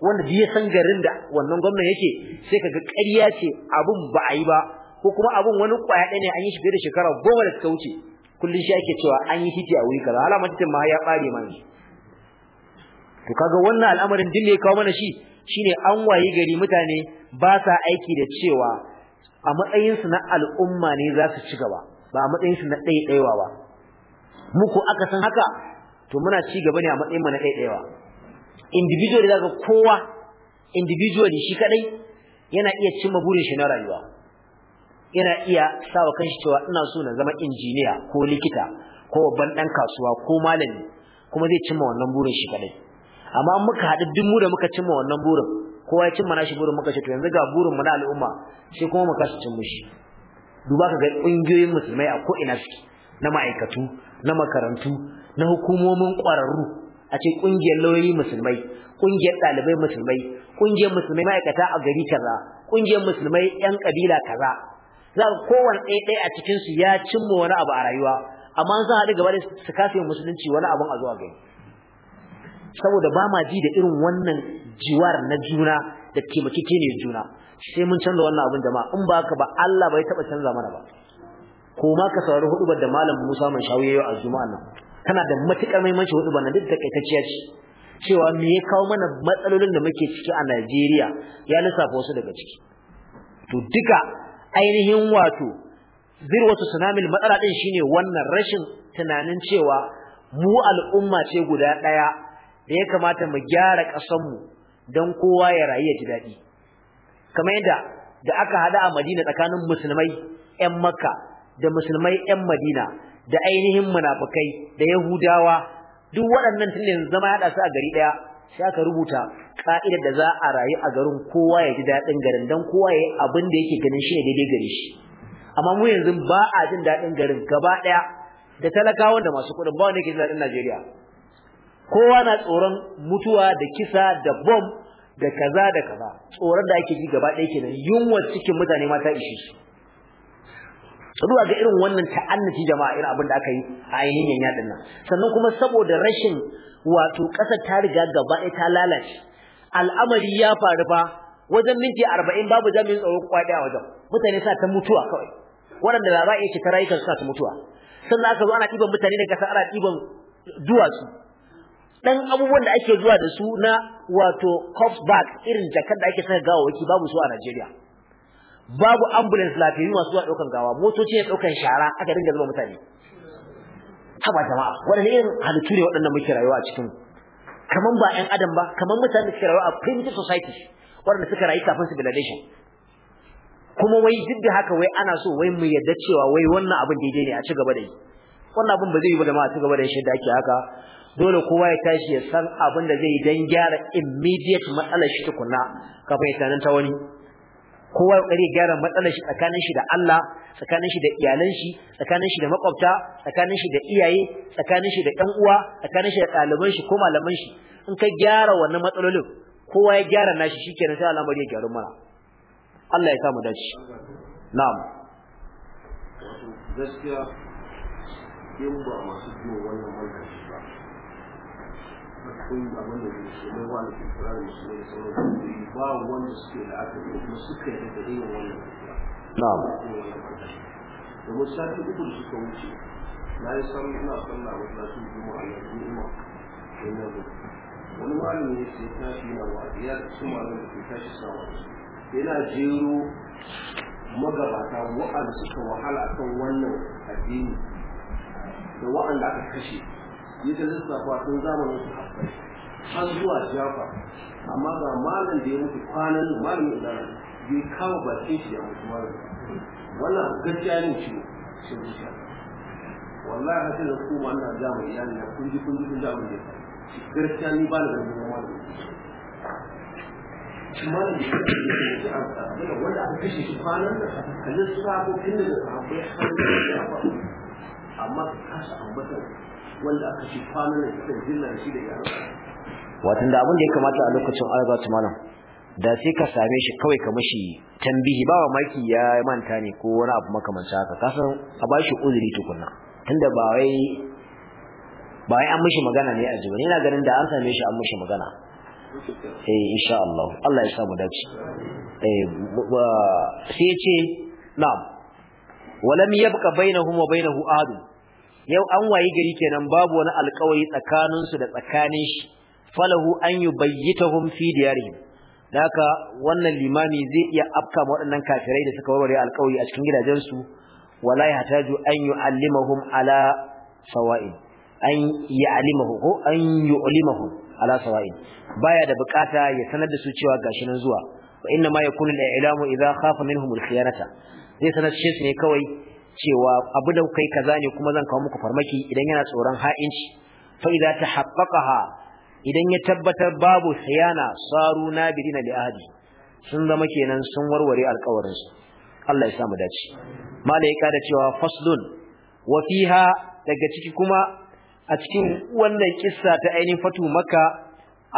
wanda duk san garin da wannan gwamnan yake sai kaga ƙarya ce abun ba a yi ba ko kuma abun wani kwaya ne an yi shi da shekara goma da suka wuce kullun shi ake cewa an yi titi a wuri kaza alamar mutum ma ya bare mani to kaga wannan al'amarin din ne ya kawo mana shi shine an wayi gari mutane ba sa aiki da cewa a matsayin su na al'umma ne za su ci gaba ba a matsayin su na ɗaya ba muku aka san haka to muna ci gaba ne a matsayin mu na ɗaiɗaiwa individually zaka kowa individual shi kadai yana iya cimma burin shi na rayuwa yana iya sawa kanshi cewa ina so na zama injiniya ko likita ko babban ɗan kasuwa ko malami kuma zai cimma wannan burin shi kadai amma muka haɗu duk mu da muka cimma wannan burin kowa ya cimma nashi burin muka ce to yanzu ga burin mu na al'umma sai kuma mu kasa cimma shi duba ka ga ƙungiyoyin musulmai a ko'ina ina suke na ma'aikatu na makarantu na hukumomin ƙwararru a ce kungiyar lauyoyi musulmai kungiyar dalibai musulmai kungiyar musulmai ma'aikata a gari kaza kungiyar musulmai yan kabila kaza za ku kowanne ɗaya ɗaya a cikin su ya cimma wani abu a rayuwa amma an san haɗu gaba da su kafin musulunci wani abun a zuwa gani saboda ba ma ji da irin wannan jiwar na juna da ne juna sai mun canza wannan abin jama'a in ba ka ba Allah bai taɓa canza mana ba ko ma ka saurari hudu da malam Musa man shawo yayi a Juma'an nan Kana da matukar muhimmanci hudubar nan duk da kaitacciya ce cewa me ya kawo mana matsalolin da muke ciki a Najeriya ya lissafa wasu daga ciki to duka ainihin wato zirwatu sunamil matsala din shine wannan rashin tunanin cewa mu al'umma ce guda ɗaya, da ya kamata mu gyara ƙasanmu mu dan kowa ya rayu ya ji dadi kamar yadda da aka hada a Madina tsakanin musulmai 'yan Makka da musulmai 'yan Madina da ainihin munafikai da Yahudawa duk waɗannan tunda yanzu zama ya hada su a gari ɗaya, sai aka rubuta ka'idar da za a rayu a garin kowa ya ji daɗin garin don kowa ya yi abin da yake ganin shi ne daidai gare shi amma mu yanzu ba a jin daɗin garin gaba ɗaya da talakawan da masu kuɗin ba wanda yake jin daɗin Najeriya kowa na tsoron mutuwa da kisa da bom da kaza da kaza tsoron da ake ji gaba ɗaya kenan yunwa cikin mutane mata ta ishe su zuwa ga irin wannan ta'annaci jama'a irin abin da aka yi a ainihin yanyan nan sannan kuma saboda rashin wato ƙasar ta riga gaba ɗaya ta lalace al'amari ya faru fa wajen minti 40 babu jami'in tsaro kwa a wajen mutane sa ta mutuwa kawai waɗanda da za a ta rayukan sa ta mutuwa sannan aka zo ana ɗiban mutane daga sa ana ɗiban duwatsu dan abubuwan da ake zuwa da su na wato cops back irin jakar da ake saka gawawaki babu su a Najeriya babu ambulance lafiyu masu zuwa ɗaukan gawa motoci ne ɗaukan shara aka dinga zuba mutane haba jama'a wannan irin halittu ne waɗannan muke rayuwa a cikin kaman ba yan adam ba kaman mutane suke suka a primitive society waɗanda suka rayu kafin civilization kuma wai duk da haka wai ana so wai mu yadda cewa wai wannan abin daidai ne a ci gaba da shi wannan abin ba zai yi ba da ma a ci gaba da shi da ake haka dole kowa ya tashi ya san abin da zai yi don gyara immediate matsalar shi tukuna kafin ya ta wani kowa ya kokari gyara matsalar shi tsakanin shi da Allah tsakanin shi da iyalan shi tsakanin shi da makwabta tsakanin shi da iyaye tsakanin shi da ɗan uwa tsakanin shi da ɗaliban shi ko malaman shi in ka gyara wannan matsalolin kowa ya gyara nashi shikenan sai al'amari ya gyaru mana Allah ya samu dace na'am gaskiya yin ba masu biyo wannan na'am domin sati uku da suka wuce na yi san ina sallah wa sati juma'a ya juma'a ya nazo wani malami ne sai tashi na wa'adi ya su da ke tashi sa yana jero magabata wa'anda suka wahala akan wannan addini da wa'anda aka kashe yi ta lissafa tun zamanin su har zuwa jafa amma ga malam da ya mutu kwanan malamin da bai kama bakin shi ya mutu malam wannan gaskiya ne shi shi zuciya wallahi haka da su ma ina ga mai iyali na kun ji kun ji kun ji abin da gaskiya ni ba da ganin malam kimanin da suka yi da wanda aka kashe shi kwanan da ka lissafo tun da sahabbai har da ya faru amma ka kasa ambatar wanda aka ci kwanan da suka jinna shi da yaro watan da abin da ya kamata a lokacin arzatu malam da sai ka same shi kawai ka mishi tambihi ba wa maki ya manta ne ko wani abu makamanta haka ka san a bashi uzuri tukunna tunda ba wai ba wai an mishi magana ne a jibi ina ganin da an same shi an mishi magana eh insha Allah Allah ya sa mu dace eh sai ce na'am walam yabqa bainahum wa bainahu adu yau an wayi gari kenan babu wani alkawari tsakanin su da tsakanin shi falahu an yubayyitahum fi diyarihim haka wannan limami zai iya afka waɗannan kafirai da suka warware alkawari a cikin gidajensu wala hataju an yu'allimahum ala sawa'in an ya'limahu ko an yu'limahum ala sawa'in baya da bukata ya sanar da su cewa gashi nan zuwa wa inna ma yakunu al-i'lamu idha khafa minhum al-khiyanata zai sanar shi ne kawai cewa abu da kai kaza ne kuma zan kawo muku farmaki idan yana tsoron ha'inci fa idza tahaqqaqaha idan ya tabbatar babu khiyana saru nabirina li ahdi sun zama kenan sun warware alƙawarin su Allah ya sa mu dace malai ya cewa faslun wa fiha daga ciki kuma a cikin wannan kissa ta ainihin fatu makka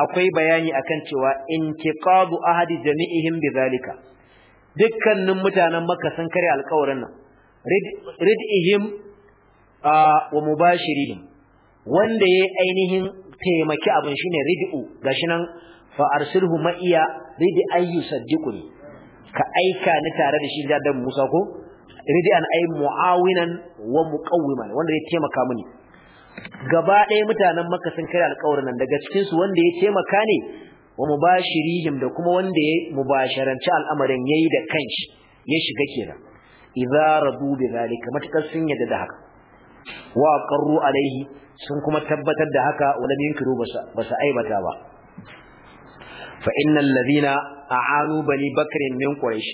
akwai bayani akan cewa in intiqadu ahadi jami'ihim zalika dukkanin mutanen makka sun kare alƙawarin nan rid'ihim wa mubashirihim wanda yay ainihin taimaki abin shine rid'u gashi nan fa arsilhu ma'iya ridi ayyu saddiquni ka aika ni tare da shi da Musa ko ridi an ay muawinan wa muqawwiman wanda ya taimaka mini gaba ɗaya mutanen Makka sun kai alƙawarin nan daga cikin su wanda ya taimaka ne wa mubashirihim da kuma wanda ya mubasharanci al'amarin yayi da kanshi ya shiga kenan idza radu bi zalika matakar sun yadda da haka wa qarru alaihi sun kuma tabbatar da haka wala yunkiru ba su aibata ba fa innal ladina a'anu bani bakr min quraish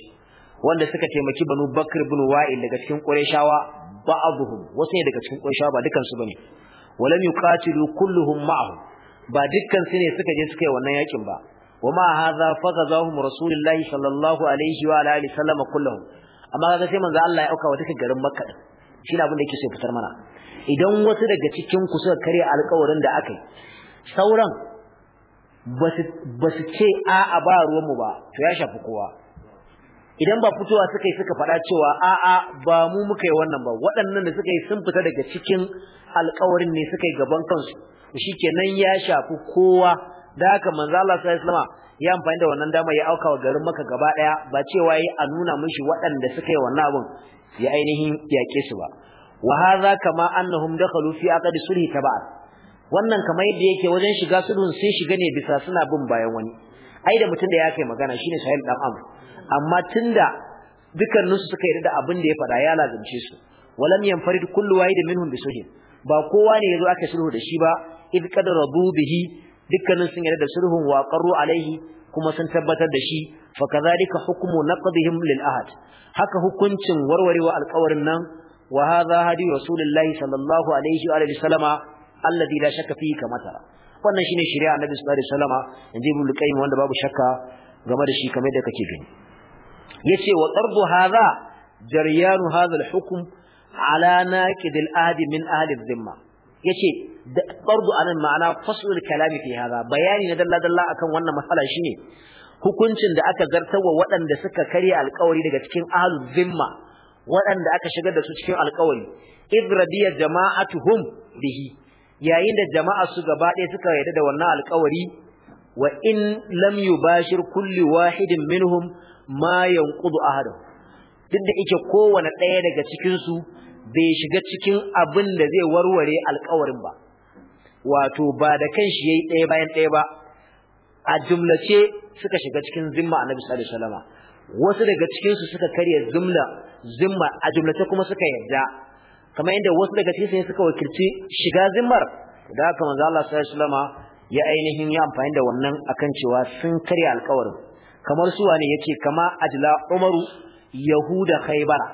wanda suka taimaki banu bakr ibn wa'il daga cikin qurayshawa ba'dhum wasu ne daga cikin qurayshawa ba dukan su bane walam yuqatilu kulluhum ma'ahum ba dukkan su ne suka je suka yi wannan yakin ba وما هذا فغزاهم رسول الله صلى الله عليه وعلى اله وسلم كلهم amma kaga sai manzo Allah ya auka wata garin Makka din shi abin da yake so fitar mana idan wasu daga cikin ku suka karya alƙawarin da aka yi sauran ba su ce a'a ba ruwan mu ba to ya shafi kowa idan ba fitowa suka yi suka faɗa cewa a'a ba mu muka yi wannan ba waɗannan da suka yi sun fita daga cikin alƙawarin ne suka yi gaban kansu shikenan ya shafi kowa da haka manzo Allah sallallahu alaihi wasallam ya amfani da wannan dama ya auka wa garin maka gaba daya ba cewa yi a nuna mishi waɗanda suka yi wannan abin ya ainihin yaƙe su ba wa hadha kama annahum dakhalu fi aqdi sulhi a wannan kamar yadda yake wajen shiga sulhun sai shiga ne bisa suna bin bayan wani ai da mutum da ya kai magana shine sahil dan am amma tunda dukkanin su suka yarda da abin da ya faɗa ya lazumce su walam yanfarid kullu wahid minhum bi sulhin ba kowa ne yazo aka sulhu da shi ba id qad bihi dukkanin sun yarda da sulhun wa qarru alaihi kuma sun tabbatar da shi fa kadhalika hukmu naqdihim lil ahad haka hukuncin warwarewa alƙawarin nan wa hadha hadi rasulullahi sallallahu alaihi wa alihi sallama alladhi la shakka fihi kama tara wannan shine shari'a annabi sallallahu alaihi wasallama inji ibn qayyim wanda babu shakka game da shi kamar da kake gani yace wa qardu hadha jaryan hadha al-hukm ala naqid al-ahd min ahli dhimma yace bardu anan ma'ana faslul kalami ke hada bayani na dalla dalla akan wannan matsala shine hukuncin da aka wa waɗanda suka karya alƙawari daga cikin ahlul zimma waɗanda aka shigar da su cikin alƙawari id radiya jama'atuhum bihi yayin da jama'a su gaba ɗaya suka yarda da wannan alƙawari wa in lam yubashir kulli wahidin minhum ma yanqudu ahadahu duk da yake kowane ɗaya daga cikin su bai shiga cikin abin da zai warware alƙawarin ba wato ba da kanshi yayi ɗaya bayan ɗaya ba a jumlace suka shiga cikin zimma annabi sallallahu alaihi wasallam wasu daga cikin su suka karya zimla zimma a jumlace kuma suka yarda, kamar inda wasu daga cikin su suka wakilci shiga zimmar da haka manzo Allah sallallahu alaihi wasallam ya ainihin ya amfani da wannan akan cewa sun karya alƙawarin kamar su wane yace kama ajla umaru yahuda khaybara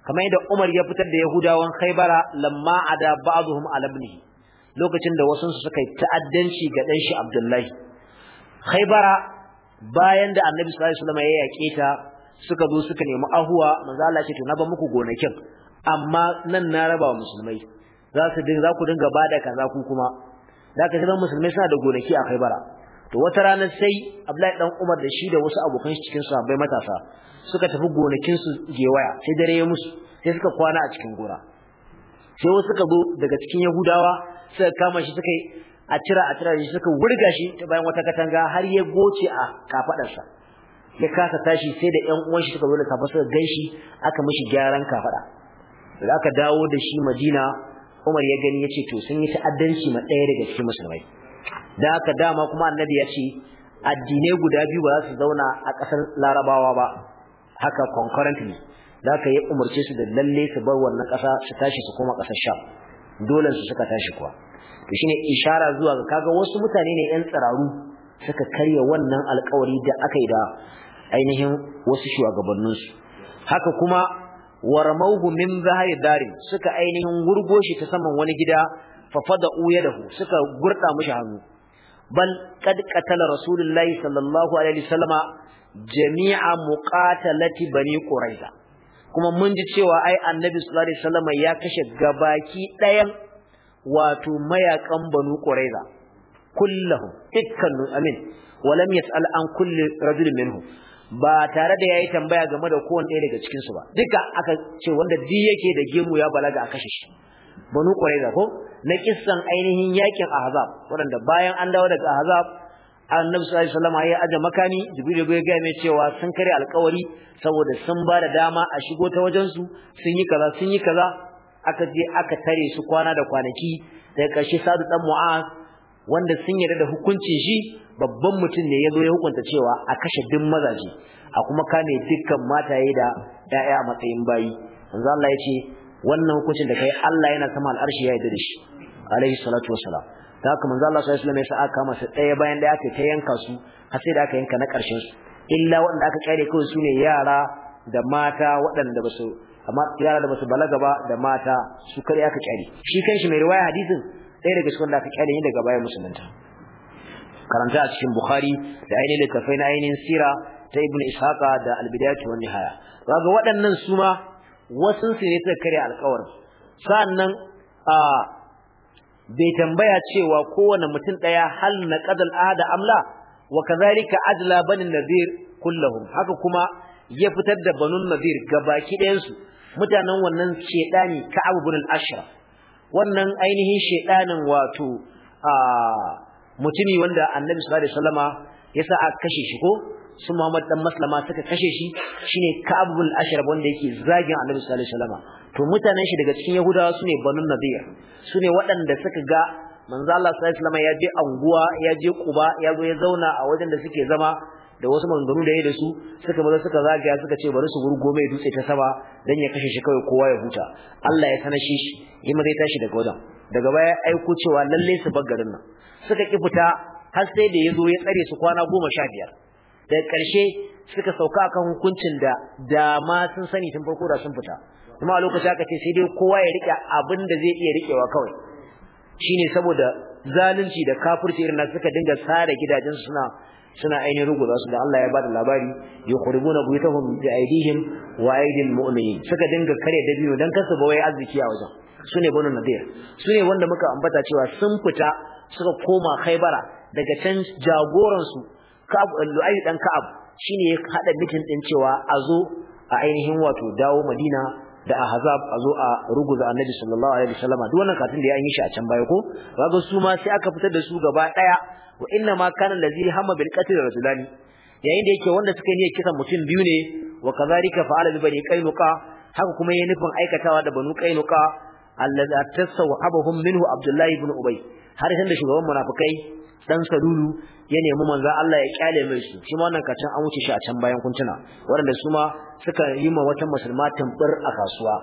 kamar yadda umar ya fitar da yahudawan khaybara lamma ada ba'dhum ala ibnihi lokacin da wasu suka yi ta'addanci ga dan shi Abdullahi Khaybara bayan da Annabi sallallahu alaihi wasallam ya yake ta suka zo suka nemi ahuwa manzo Allah ce to na ba muku gonakin amma nan na raba wa musulmai za su din za ku dinga bada kaza ku kuma zaka ga musulmai suna da gonaki a Khaybara to wata ranar sai Abdullahi dan Umar da shi da wasu abokan shi cikin sahabbai matasa suka tafi gonakin su gewaya sai dare ya musu sai suka kwana a cikin gora sai wasu suka zo daga cikin Yahudawa suka kama shi suka yi a cira a cira shi suka wurga shi ta bayan wata katanga har ya goce a kafadarsa ya kasa tashi sai da 'yan uwan shi suka zo da safa suka ganshi aka mishi gyaran kafada da aka dawo da shi Madina Umar ya gani yace to sun yi ta'addanci ma ɗaya daga cikin musulmai da aka dama kuma annabi ya ce addinai guda biyu ba za su zauna a ƙasar Larabawa ba haka concurrently da aka yi umarce su da lalle su bar wannan ƙasa su tashi su koma ƙasar Sham dole su suka tashi kuwa to shine ishara zuwa ga kaga wasu mutane ne yan tsararu suka karya wannan alƙawari da aka yi da ainihin wasu shugabanninsu haka kuma warmauhu min zahir darin suka ainihin wurgo shi ta saman wani gida fafada dahu suka gurda mishi hannu bal qad qatala rasulullahi sallallahu alaihi wasallama jami'a muqatalati bani quraiza kuma mun ji cewa ai annabi sallallahu alaihi wasallama ya kashe gabaki ɗayan wato mayakan banu quraiza kullahu dukkan amin walam yas'al an kulli rajulin minhum ba tare da yayi tambaya game da kowanne ɗaya daga cikin su ba duka aka ce wanda duk yake da gemu ya balaga a kashe shi banu quraiza ko na kissan ainihin yakin ahzab wanda bayan an dawo daga ahzab annabi sallallahu alaihi wasallam ya aje makami jibril ya ga mai cewa sun kare alƙawari saboda sun ba da dama a shigo ta wajen su sun yi kaza sun yi kaza aka je aka tare su kwana da kwanaki daga ƙarshe sadu dan Mu'az wanda sun yarda da hukuncin shi babban mutum ne yazo ya hukunta cewa a kashe duk mazaje a kuma kame dukkan mataye da 'ya'ya a matsayin bayi manzo Allah ya ce wannan hukuncin da kai Allah yana sama al'arshi ya yarda da shi alaihi salatu wassalam da haka manzo Allah sallallahu alaihi wasallam ya sa aka masa ɗaya bayan da aka ta yanka su har sai da aka yanka na ƙarshen su illa waɗanda aka kare kawai su ne yara da mata waɗanda ba su amma yara da basu balaga ba da mata su kare aka kyale shi kanshi mai riwaya hadisin ɗaya daga cikin da aka kyale ne daga bayan musulunta karanta a cikin bukhari da ainihin littafai na ainihin sira ta ibn ishaqa da albidayatu wan nihaya kaga waɗannan su ma wasu su ne suka kare alƙawarin sa'annan a bai tambaya cewa kowane mutum ɗaya hal na qadal ahada amla wa kadhalika ajla bani nadir kullahum haka kuma ya fitar da banun nadir ga ɗayan su mutanen wannan shedani ka abubun al wannan ainihin shedanin wato a mutumi wanda Annabi sallallahu alaihi wasallama ya sa a kashe shi ko su Muhammad dan Maslama suka kashe shi shine Ka'ab ibn al-Ashraf wanda yake zagin Annabi sallallahu alaihi wasallama to mutanen shi daga cikin Yahudawa sune Banu Nadir sune waɗanda suka ga manzo Allah sallallahu alaihi wasallama ya je anguwa ya je Quba ya zo ya zauna a wajen da suke zama da wasu manzanu da yayi da su suka maza suka zagaya suka ce bari su gurgo mai dutse ta sama dan ya kashe shi kawai kowa ya huta Allah ya sanashi shi shi maza zai tashi daga wajen daga baya aiko cewa lalle su bar garin nan suka ki fita har sai da ya zo ya tsare su kwana goma sha biyar daga ƙarshe suka sauka a kan hukuncin da dama sun sani tun farko da sun fita kuma a lokacin aka ce sai dai kowa ya rike abin da zai iya rikewa kawai shine saboda zalunci da kafirci irin suka dinga sare gidajen su suna suna ainihin ruguza su da Allah ya bada labari yukhribuna buyutahum bi aidihim wa aidil mu'minin suka dinga kare dabi'u dan kasu ba wai arziki a wajen sune banu nadir sune wanda muka ambata cewa sun fita suka koma khaybara daga can jagoran su Ka'ab Lu'ay dan Ka'ab shine ya hada mitin din cewa azo a ainihin wato dawo Madina da Ahzab a zo a ruguza Annabi sallallahu alaihi wasallam duk wannan katin da ya yi shi a can baya ko kaga su ma sai aka fitar da su gaba daya wa inna ma kana allazi hamma bil qatl rajulani yayin da yake wanda suka niyyar kisan mutum biyu ne wa kadhalika fa'ala bi bani qainuqa haka kuma yayin nufin aikatawa da banu qainuqa allazi tasawwabahum minhu abdullahi ibn ubay har sai da shugaban munafikai dan salulu ya nemi manzo Allah ya kyale mai su shi ma wannan an wuce shi a can bayan kuntuna waɗanda su ma suka yi ma wata musulma tambur a kasuwa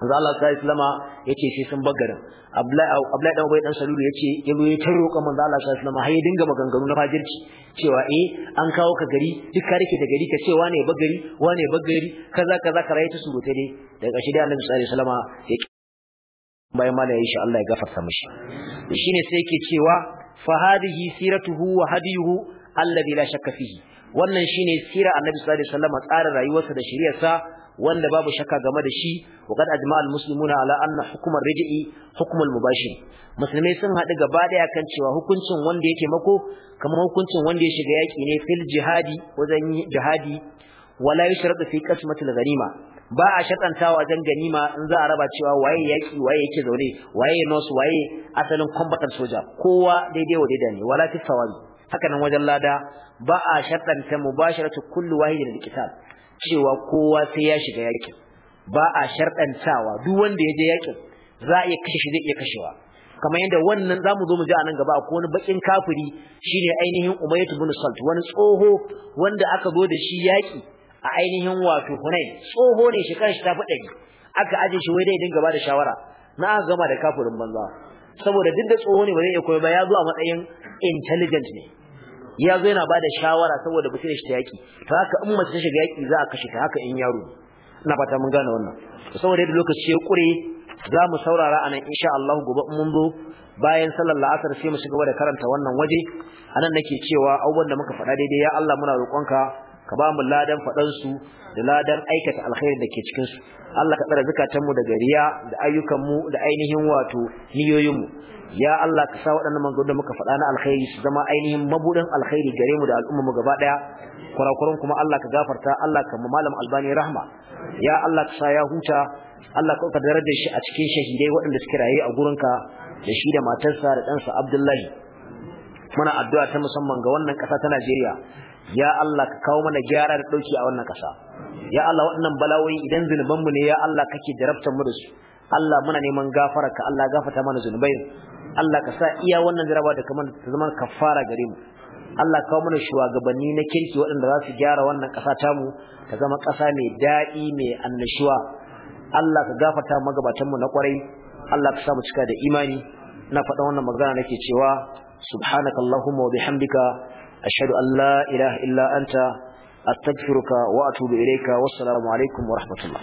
manzo Allah sallallahu islama wasallama yace sai sun bagarin Abdullahi Abdullahi dan Ubay dan Salulu yace ya zo ya taro kan manzo Allah sallallahu islama wasallama ya dinga maganganu na fajirci cewa eh an kawo ka gari duk ka rike da gari ka ce wane bagari wane bagari kaza kaza ka rayu ta surute ne daga ƙarshe dai Annabi sallallahu islama wasallama ya bayan mala ya insha Allah ya gafarta mishi shine sai yake cewa fa hadhihi siratuhu wa hadiyuhu alladhi la shakka fihi wannan shine sirar Annabi sallallahu alaihi wasallam tsarin rayuwarsa da shiriyarsa wanda babu shakka game da shi wa qad ajma'a al-muslimuna ala anna hukm ar-rij'i hukm mubashir musulmai sun hadu gaba daya kan cewa hukuncin wanda yake mako kamar hukuncin wanda ya shiga yaki ne fil jihadi wajen jihadi wala yushratu fi qasmati ganima ba a shatantawa wajen ganima in za a raba cewa waye yaki waye yake zaune waye nos waye asalin combatant soja kowa daidai wa daidai ne wala fi sawabi haka nan wajen lada ba a shatanta mubasharatu kullu wahidin al-qital cewa kowa sai ya shiga yakin ba a sharɗantawa duk wanda ya je yakin za a iya kashe shi zai iya kashewa kamar yadda wannan za mu zo mu ji a nan gaba ko wani bakin kafiri shine ainihin Umayyah ibn Salt wani tsoho wanda aka zo da shi yaki a ainihin wato Hunain tsoho ne shekarar shi ta fi ɗari aka aje shi wai dai dinga gaba da shawara na aka gama da kafirin banza saboda duk da tsoho ne ba zai iya koyi ba ya zo a matsayin intelligent ne ya zo yana bada shawara saboda bace shi ta yaki to haka in mace ta shiga yaki za a kashe ta haka in yaro ina fata mun gane wannan saboda yadda lokaci ya kure za mu saurara anan insha Allah gobe in mun zo bayan sallar la'asar sai mu shiga da karanta wannan waje anan nake cewa abubuwan da muka faɗa daidai ya Allah muna roƙonka ka ba mu ladan faɗan su da ladan aikata alkhairin da ke cikin su Allah ka tsara zakatan mu daga riya da ayyukan mu da ainihin wato niyoyin mu ya Allah ka sa waɗannan manzo da muka faɗa na alkhairi su zama ainihin mabudin alkhairi gare mu da al'umma mu gaba daya kurakuran kuma Allah ka gafarta Allah ka mu malam albani rahma ya Allah ka sa ya huta Allah ka kaddara da shi a cikin shahidai waɗanda suke raye a gurinka da shi da matarsa da ɗansa Abdullahi muna addu'a ta musamman ga wannan ƙasa ta Najeriya ya Allah ka kawo mana gyara da dauki a wannan kasa ya Allah waɗannan balawoyi idan zunuban mu ne ya Allah kake jarabtar mu da su Allah muna neman gafara ka Allah gafarta mana zunubai Allah ka sa iya wannan jaraba da kamar ta zama kafara gare mu Allah kawo mana shugabanni na kirki waɗanda za su gyara wannan ƙasa tamu ta zama ƙasa mai daɗi mai annashuwa Allah ka gafarta magabatanmu na ƙwarai Allah ka sa mu cika da imani na faɗa wannan magana nake cewa subhanakallahumma wa bihamdika ashhadu an la ilaha illa anta astaghfiruka wa atubu ilayka wassalamu alaikum wa rahmatullah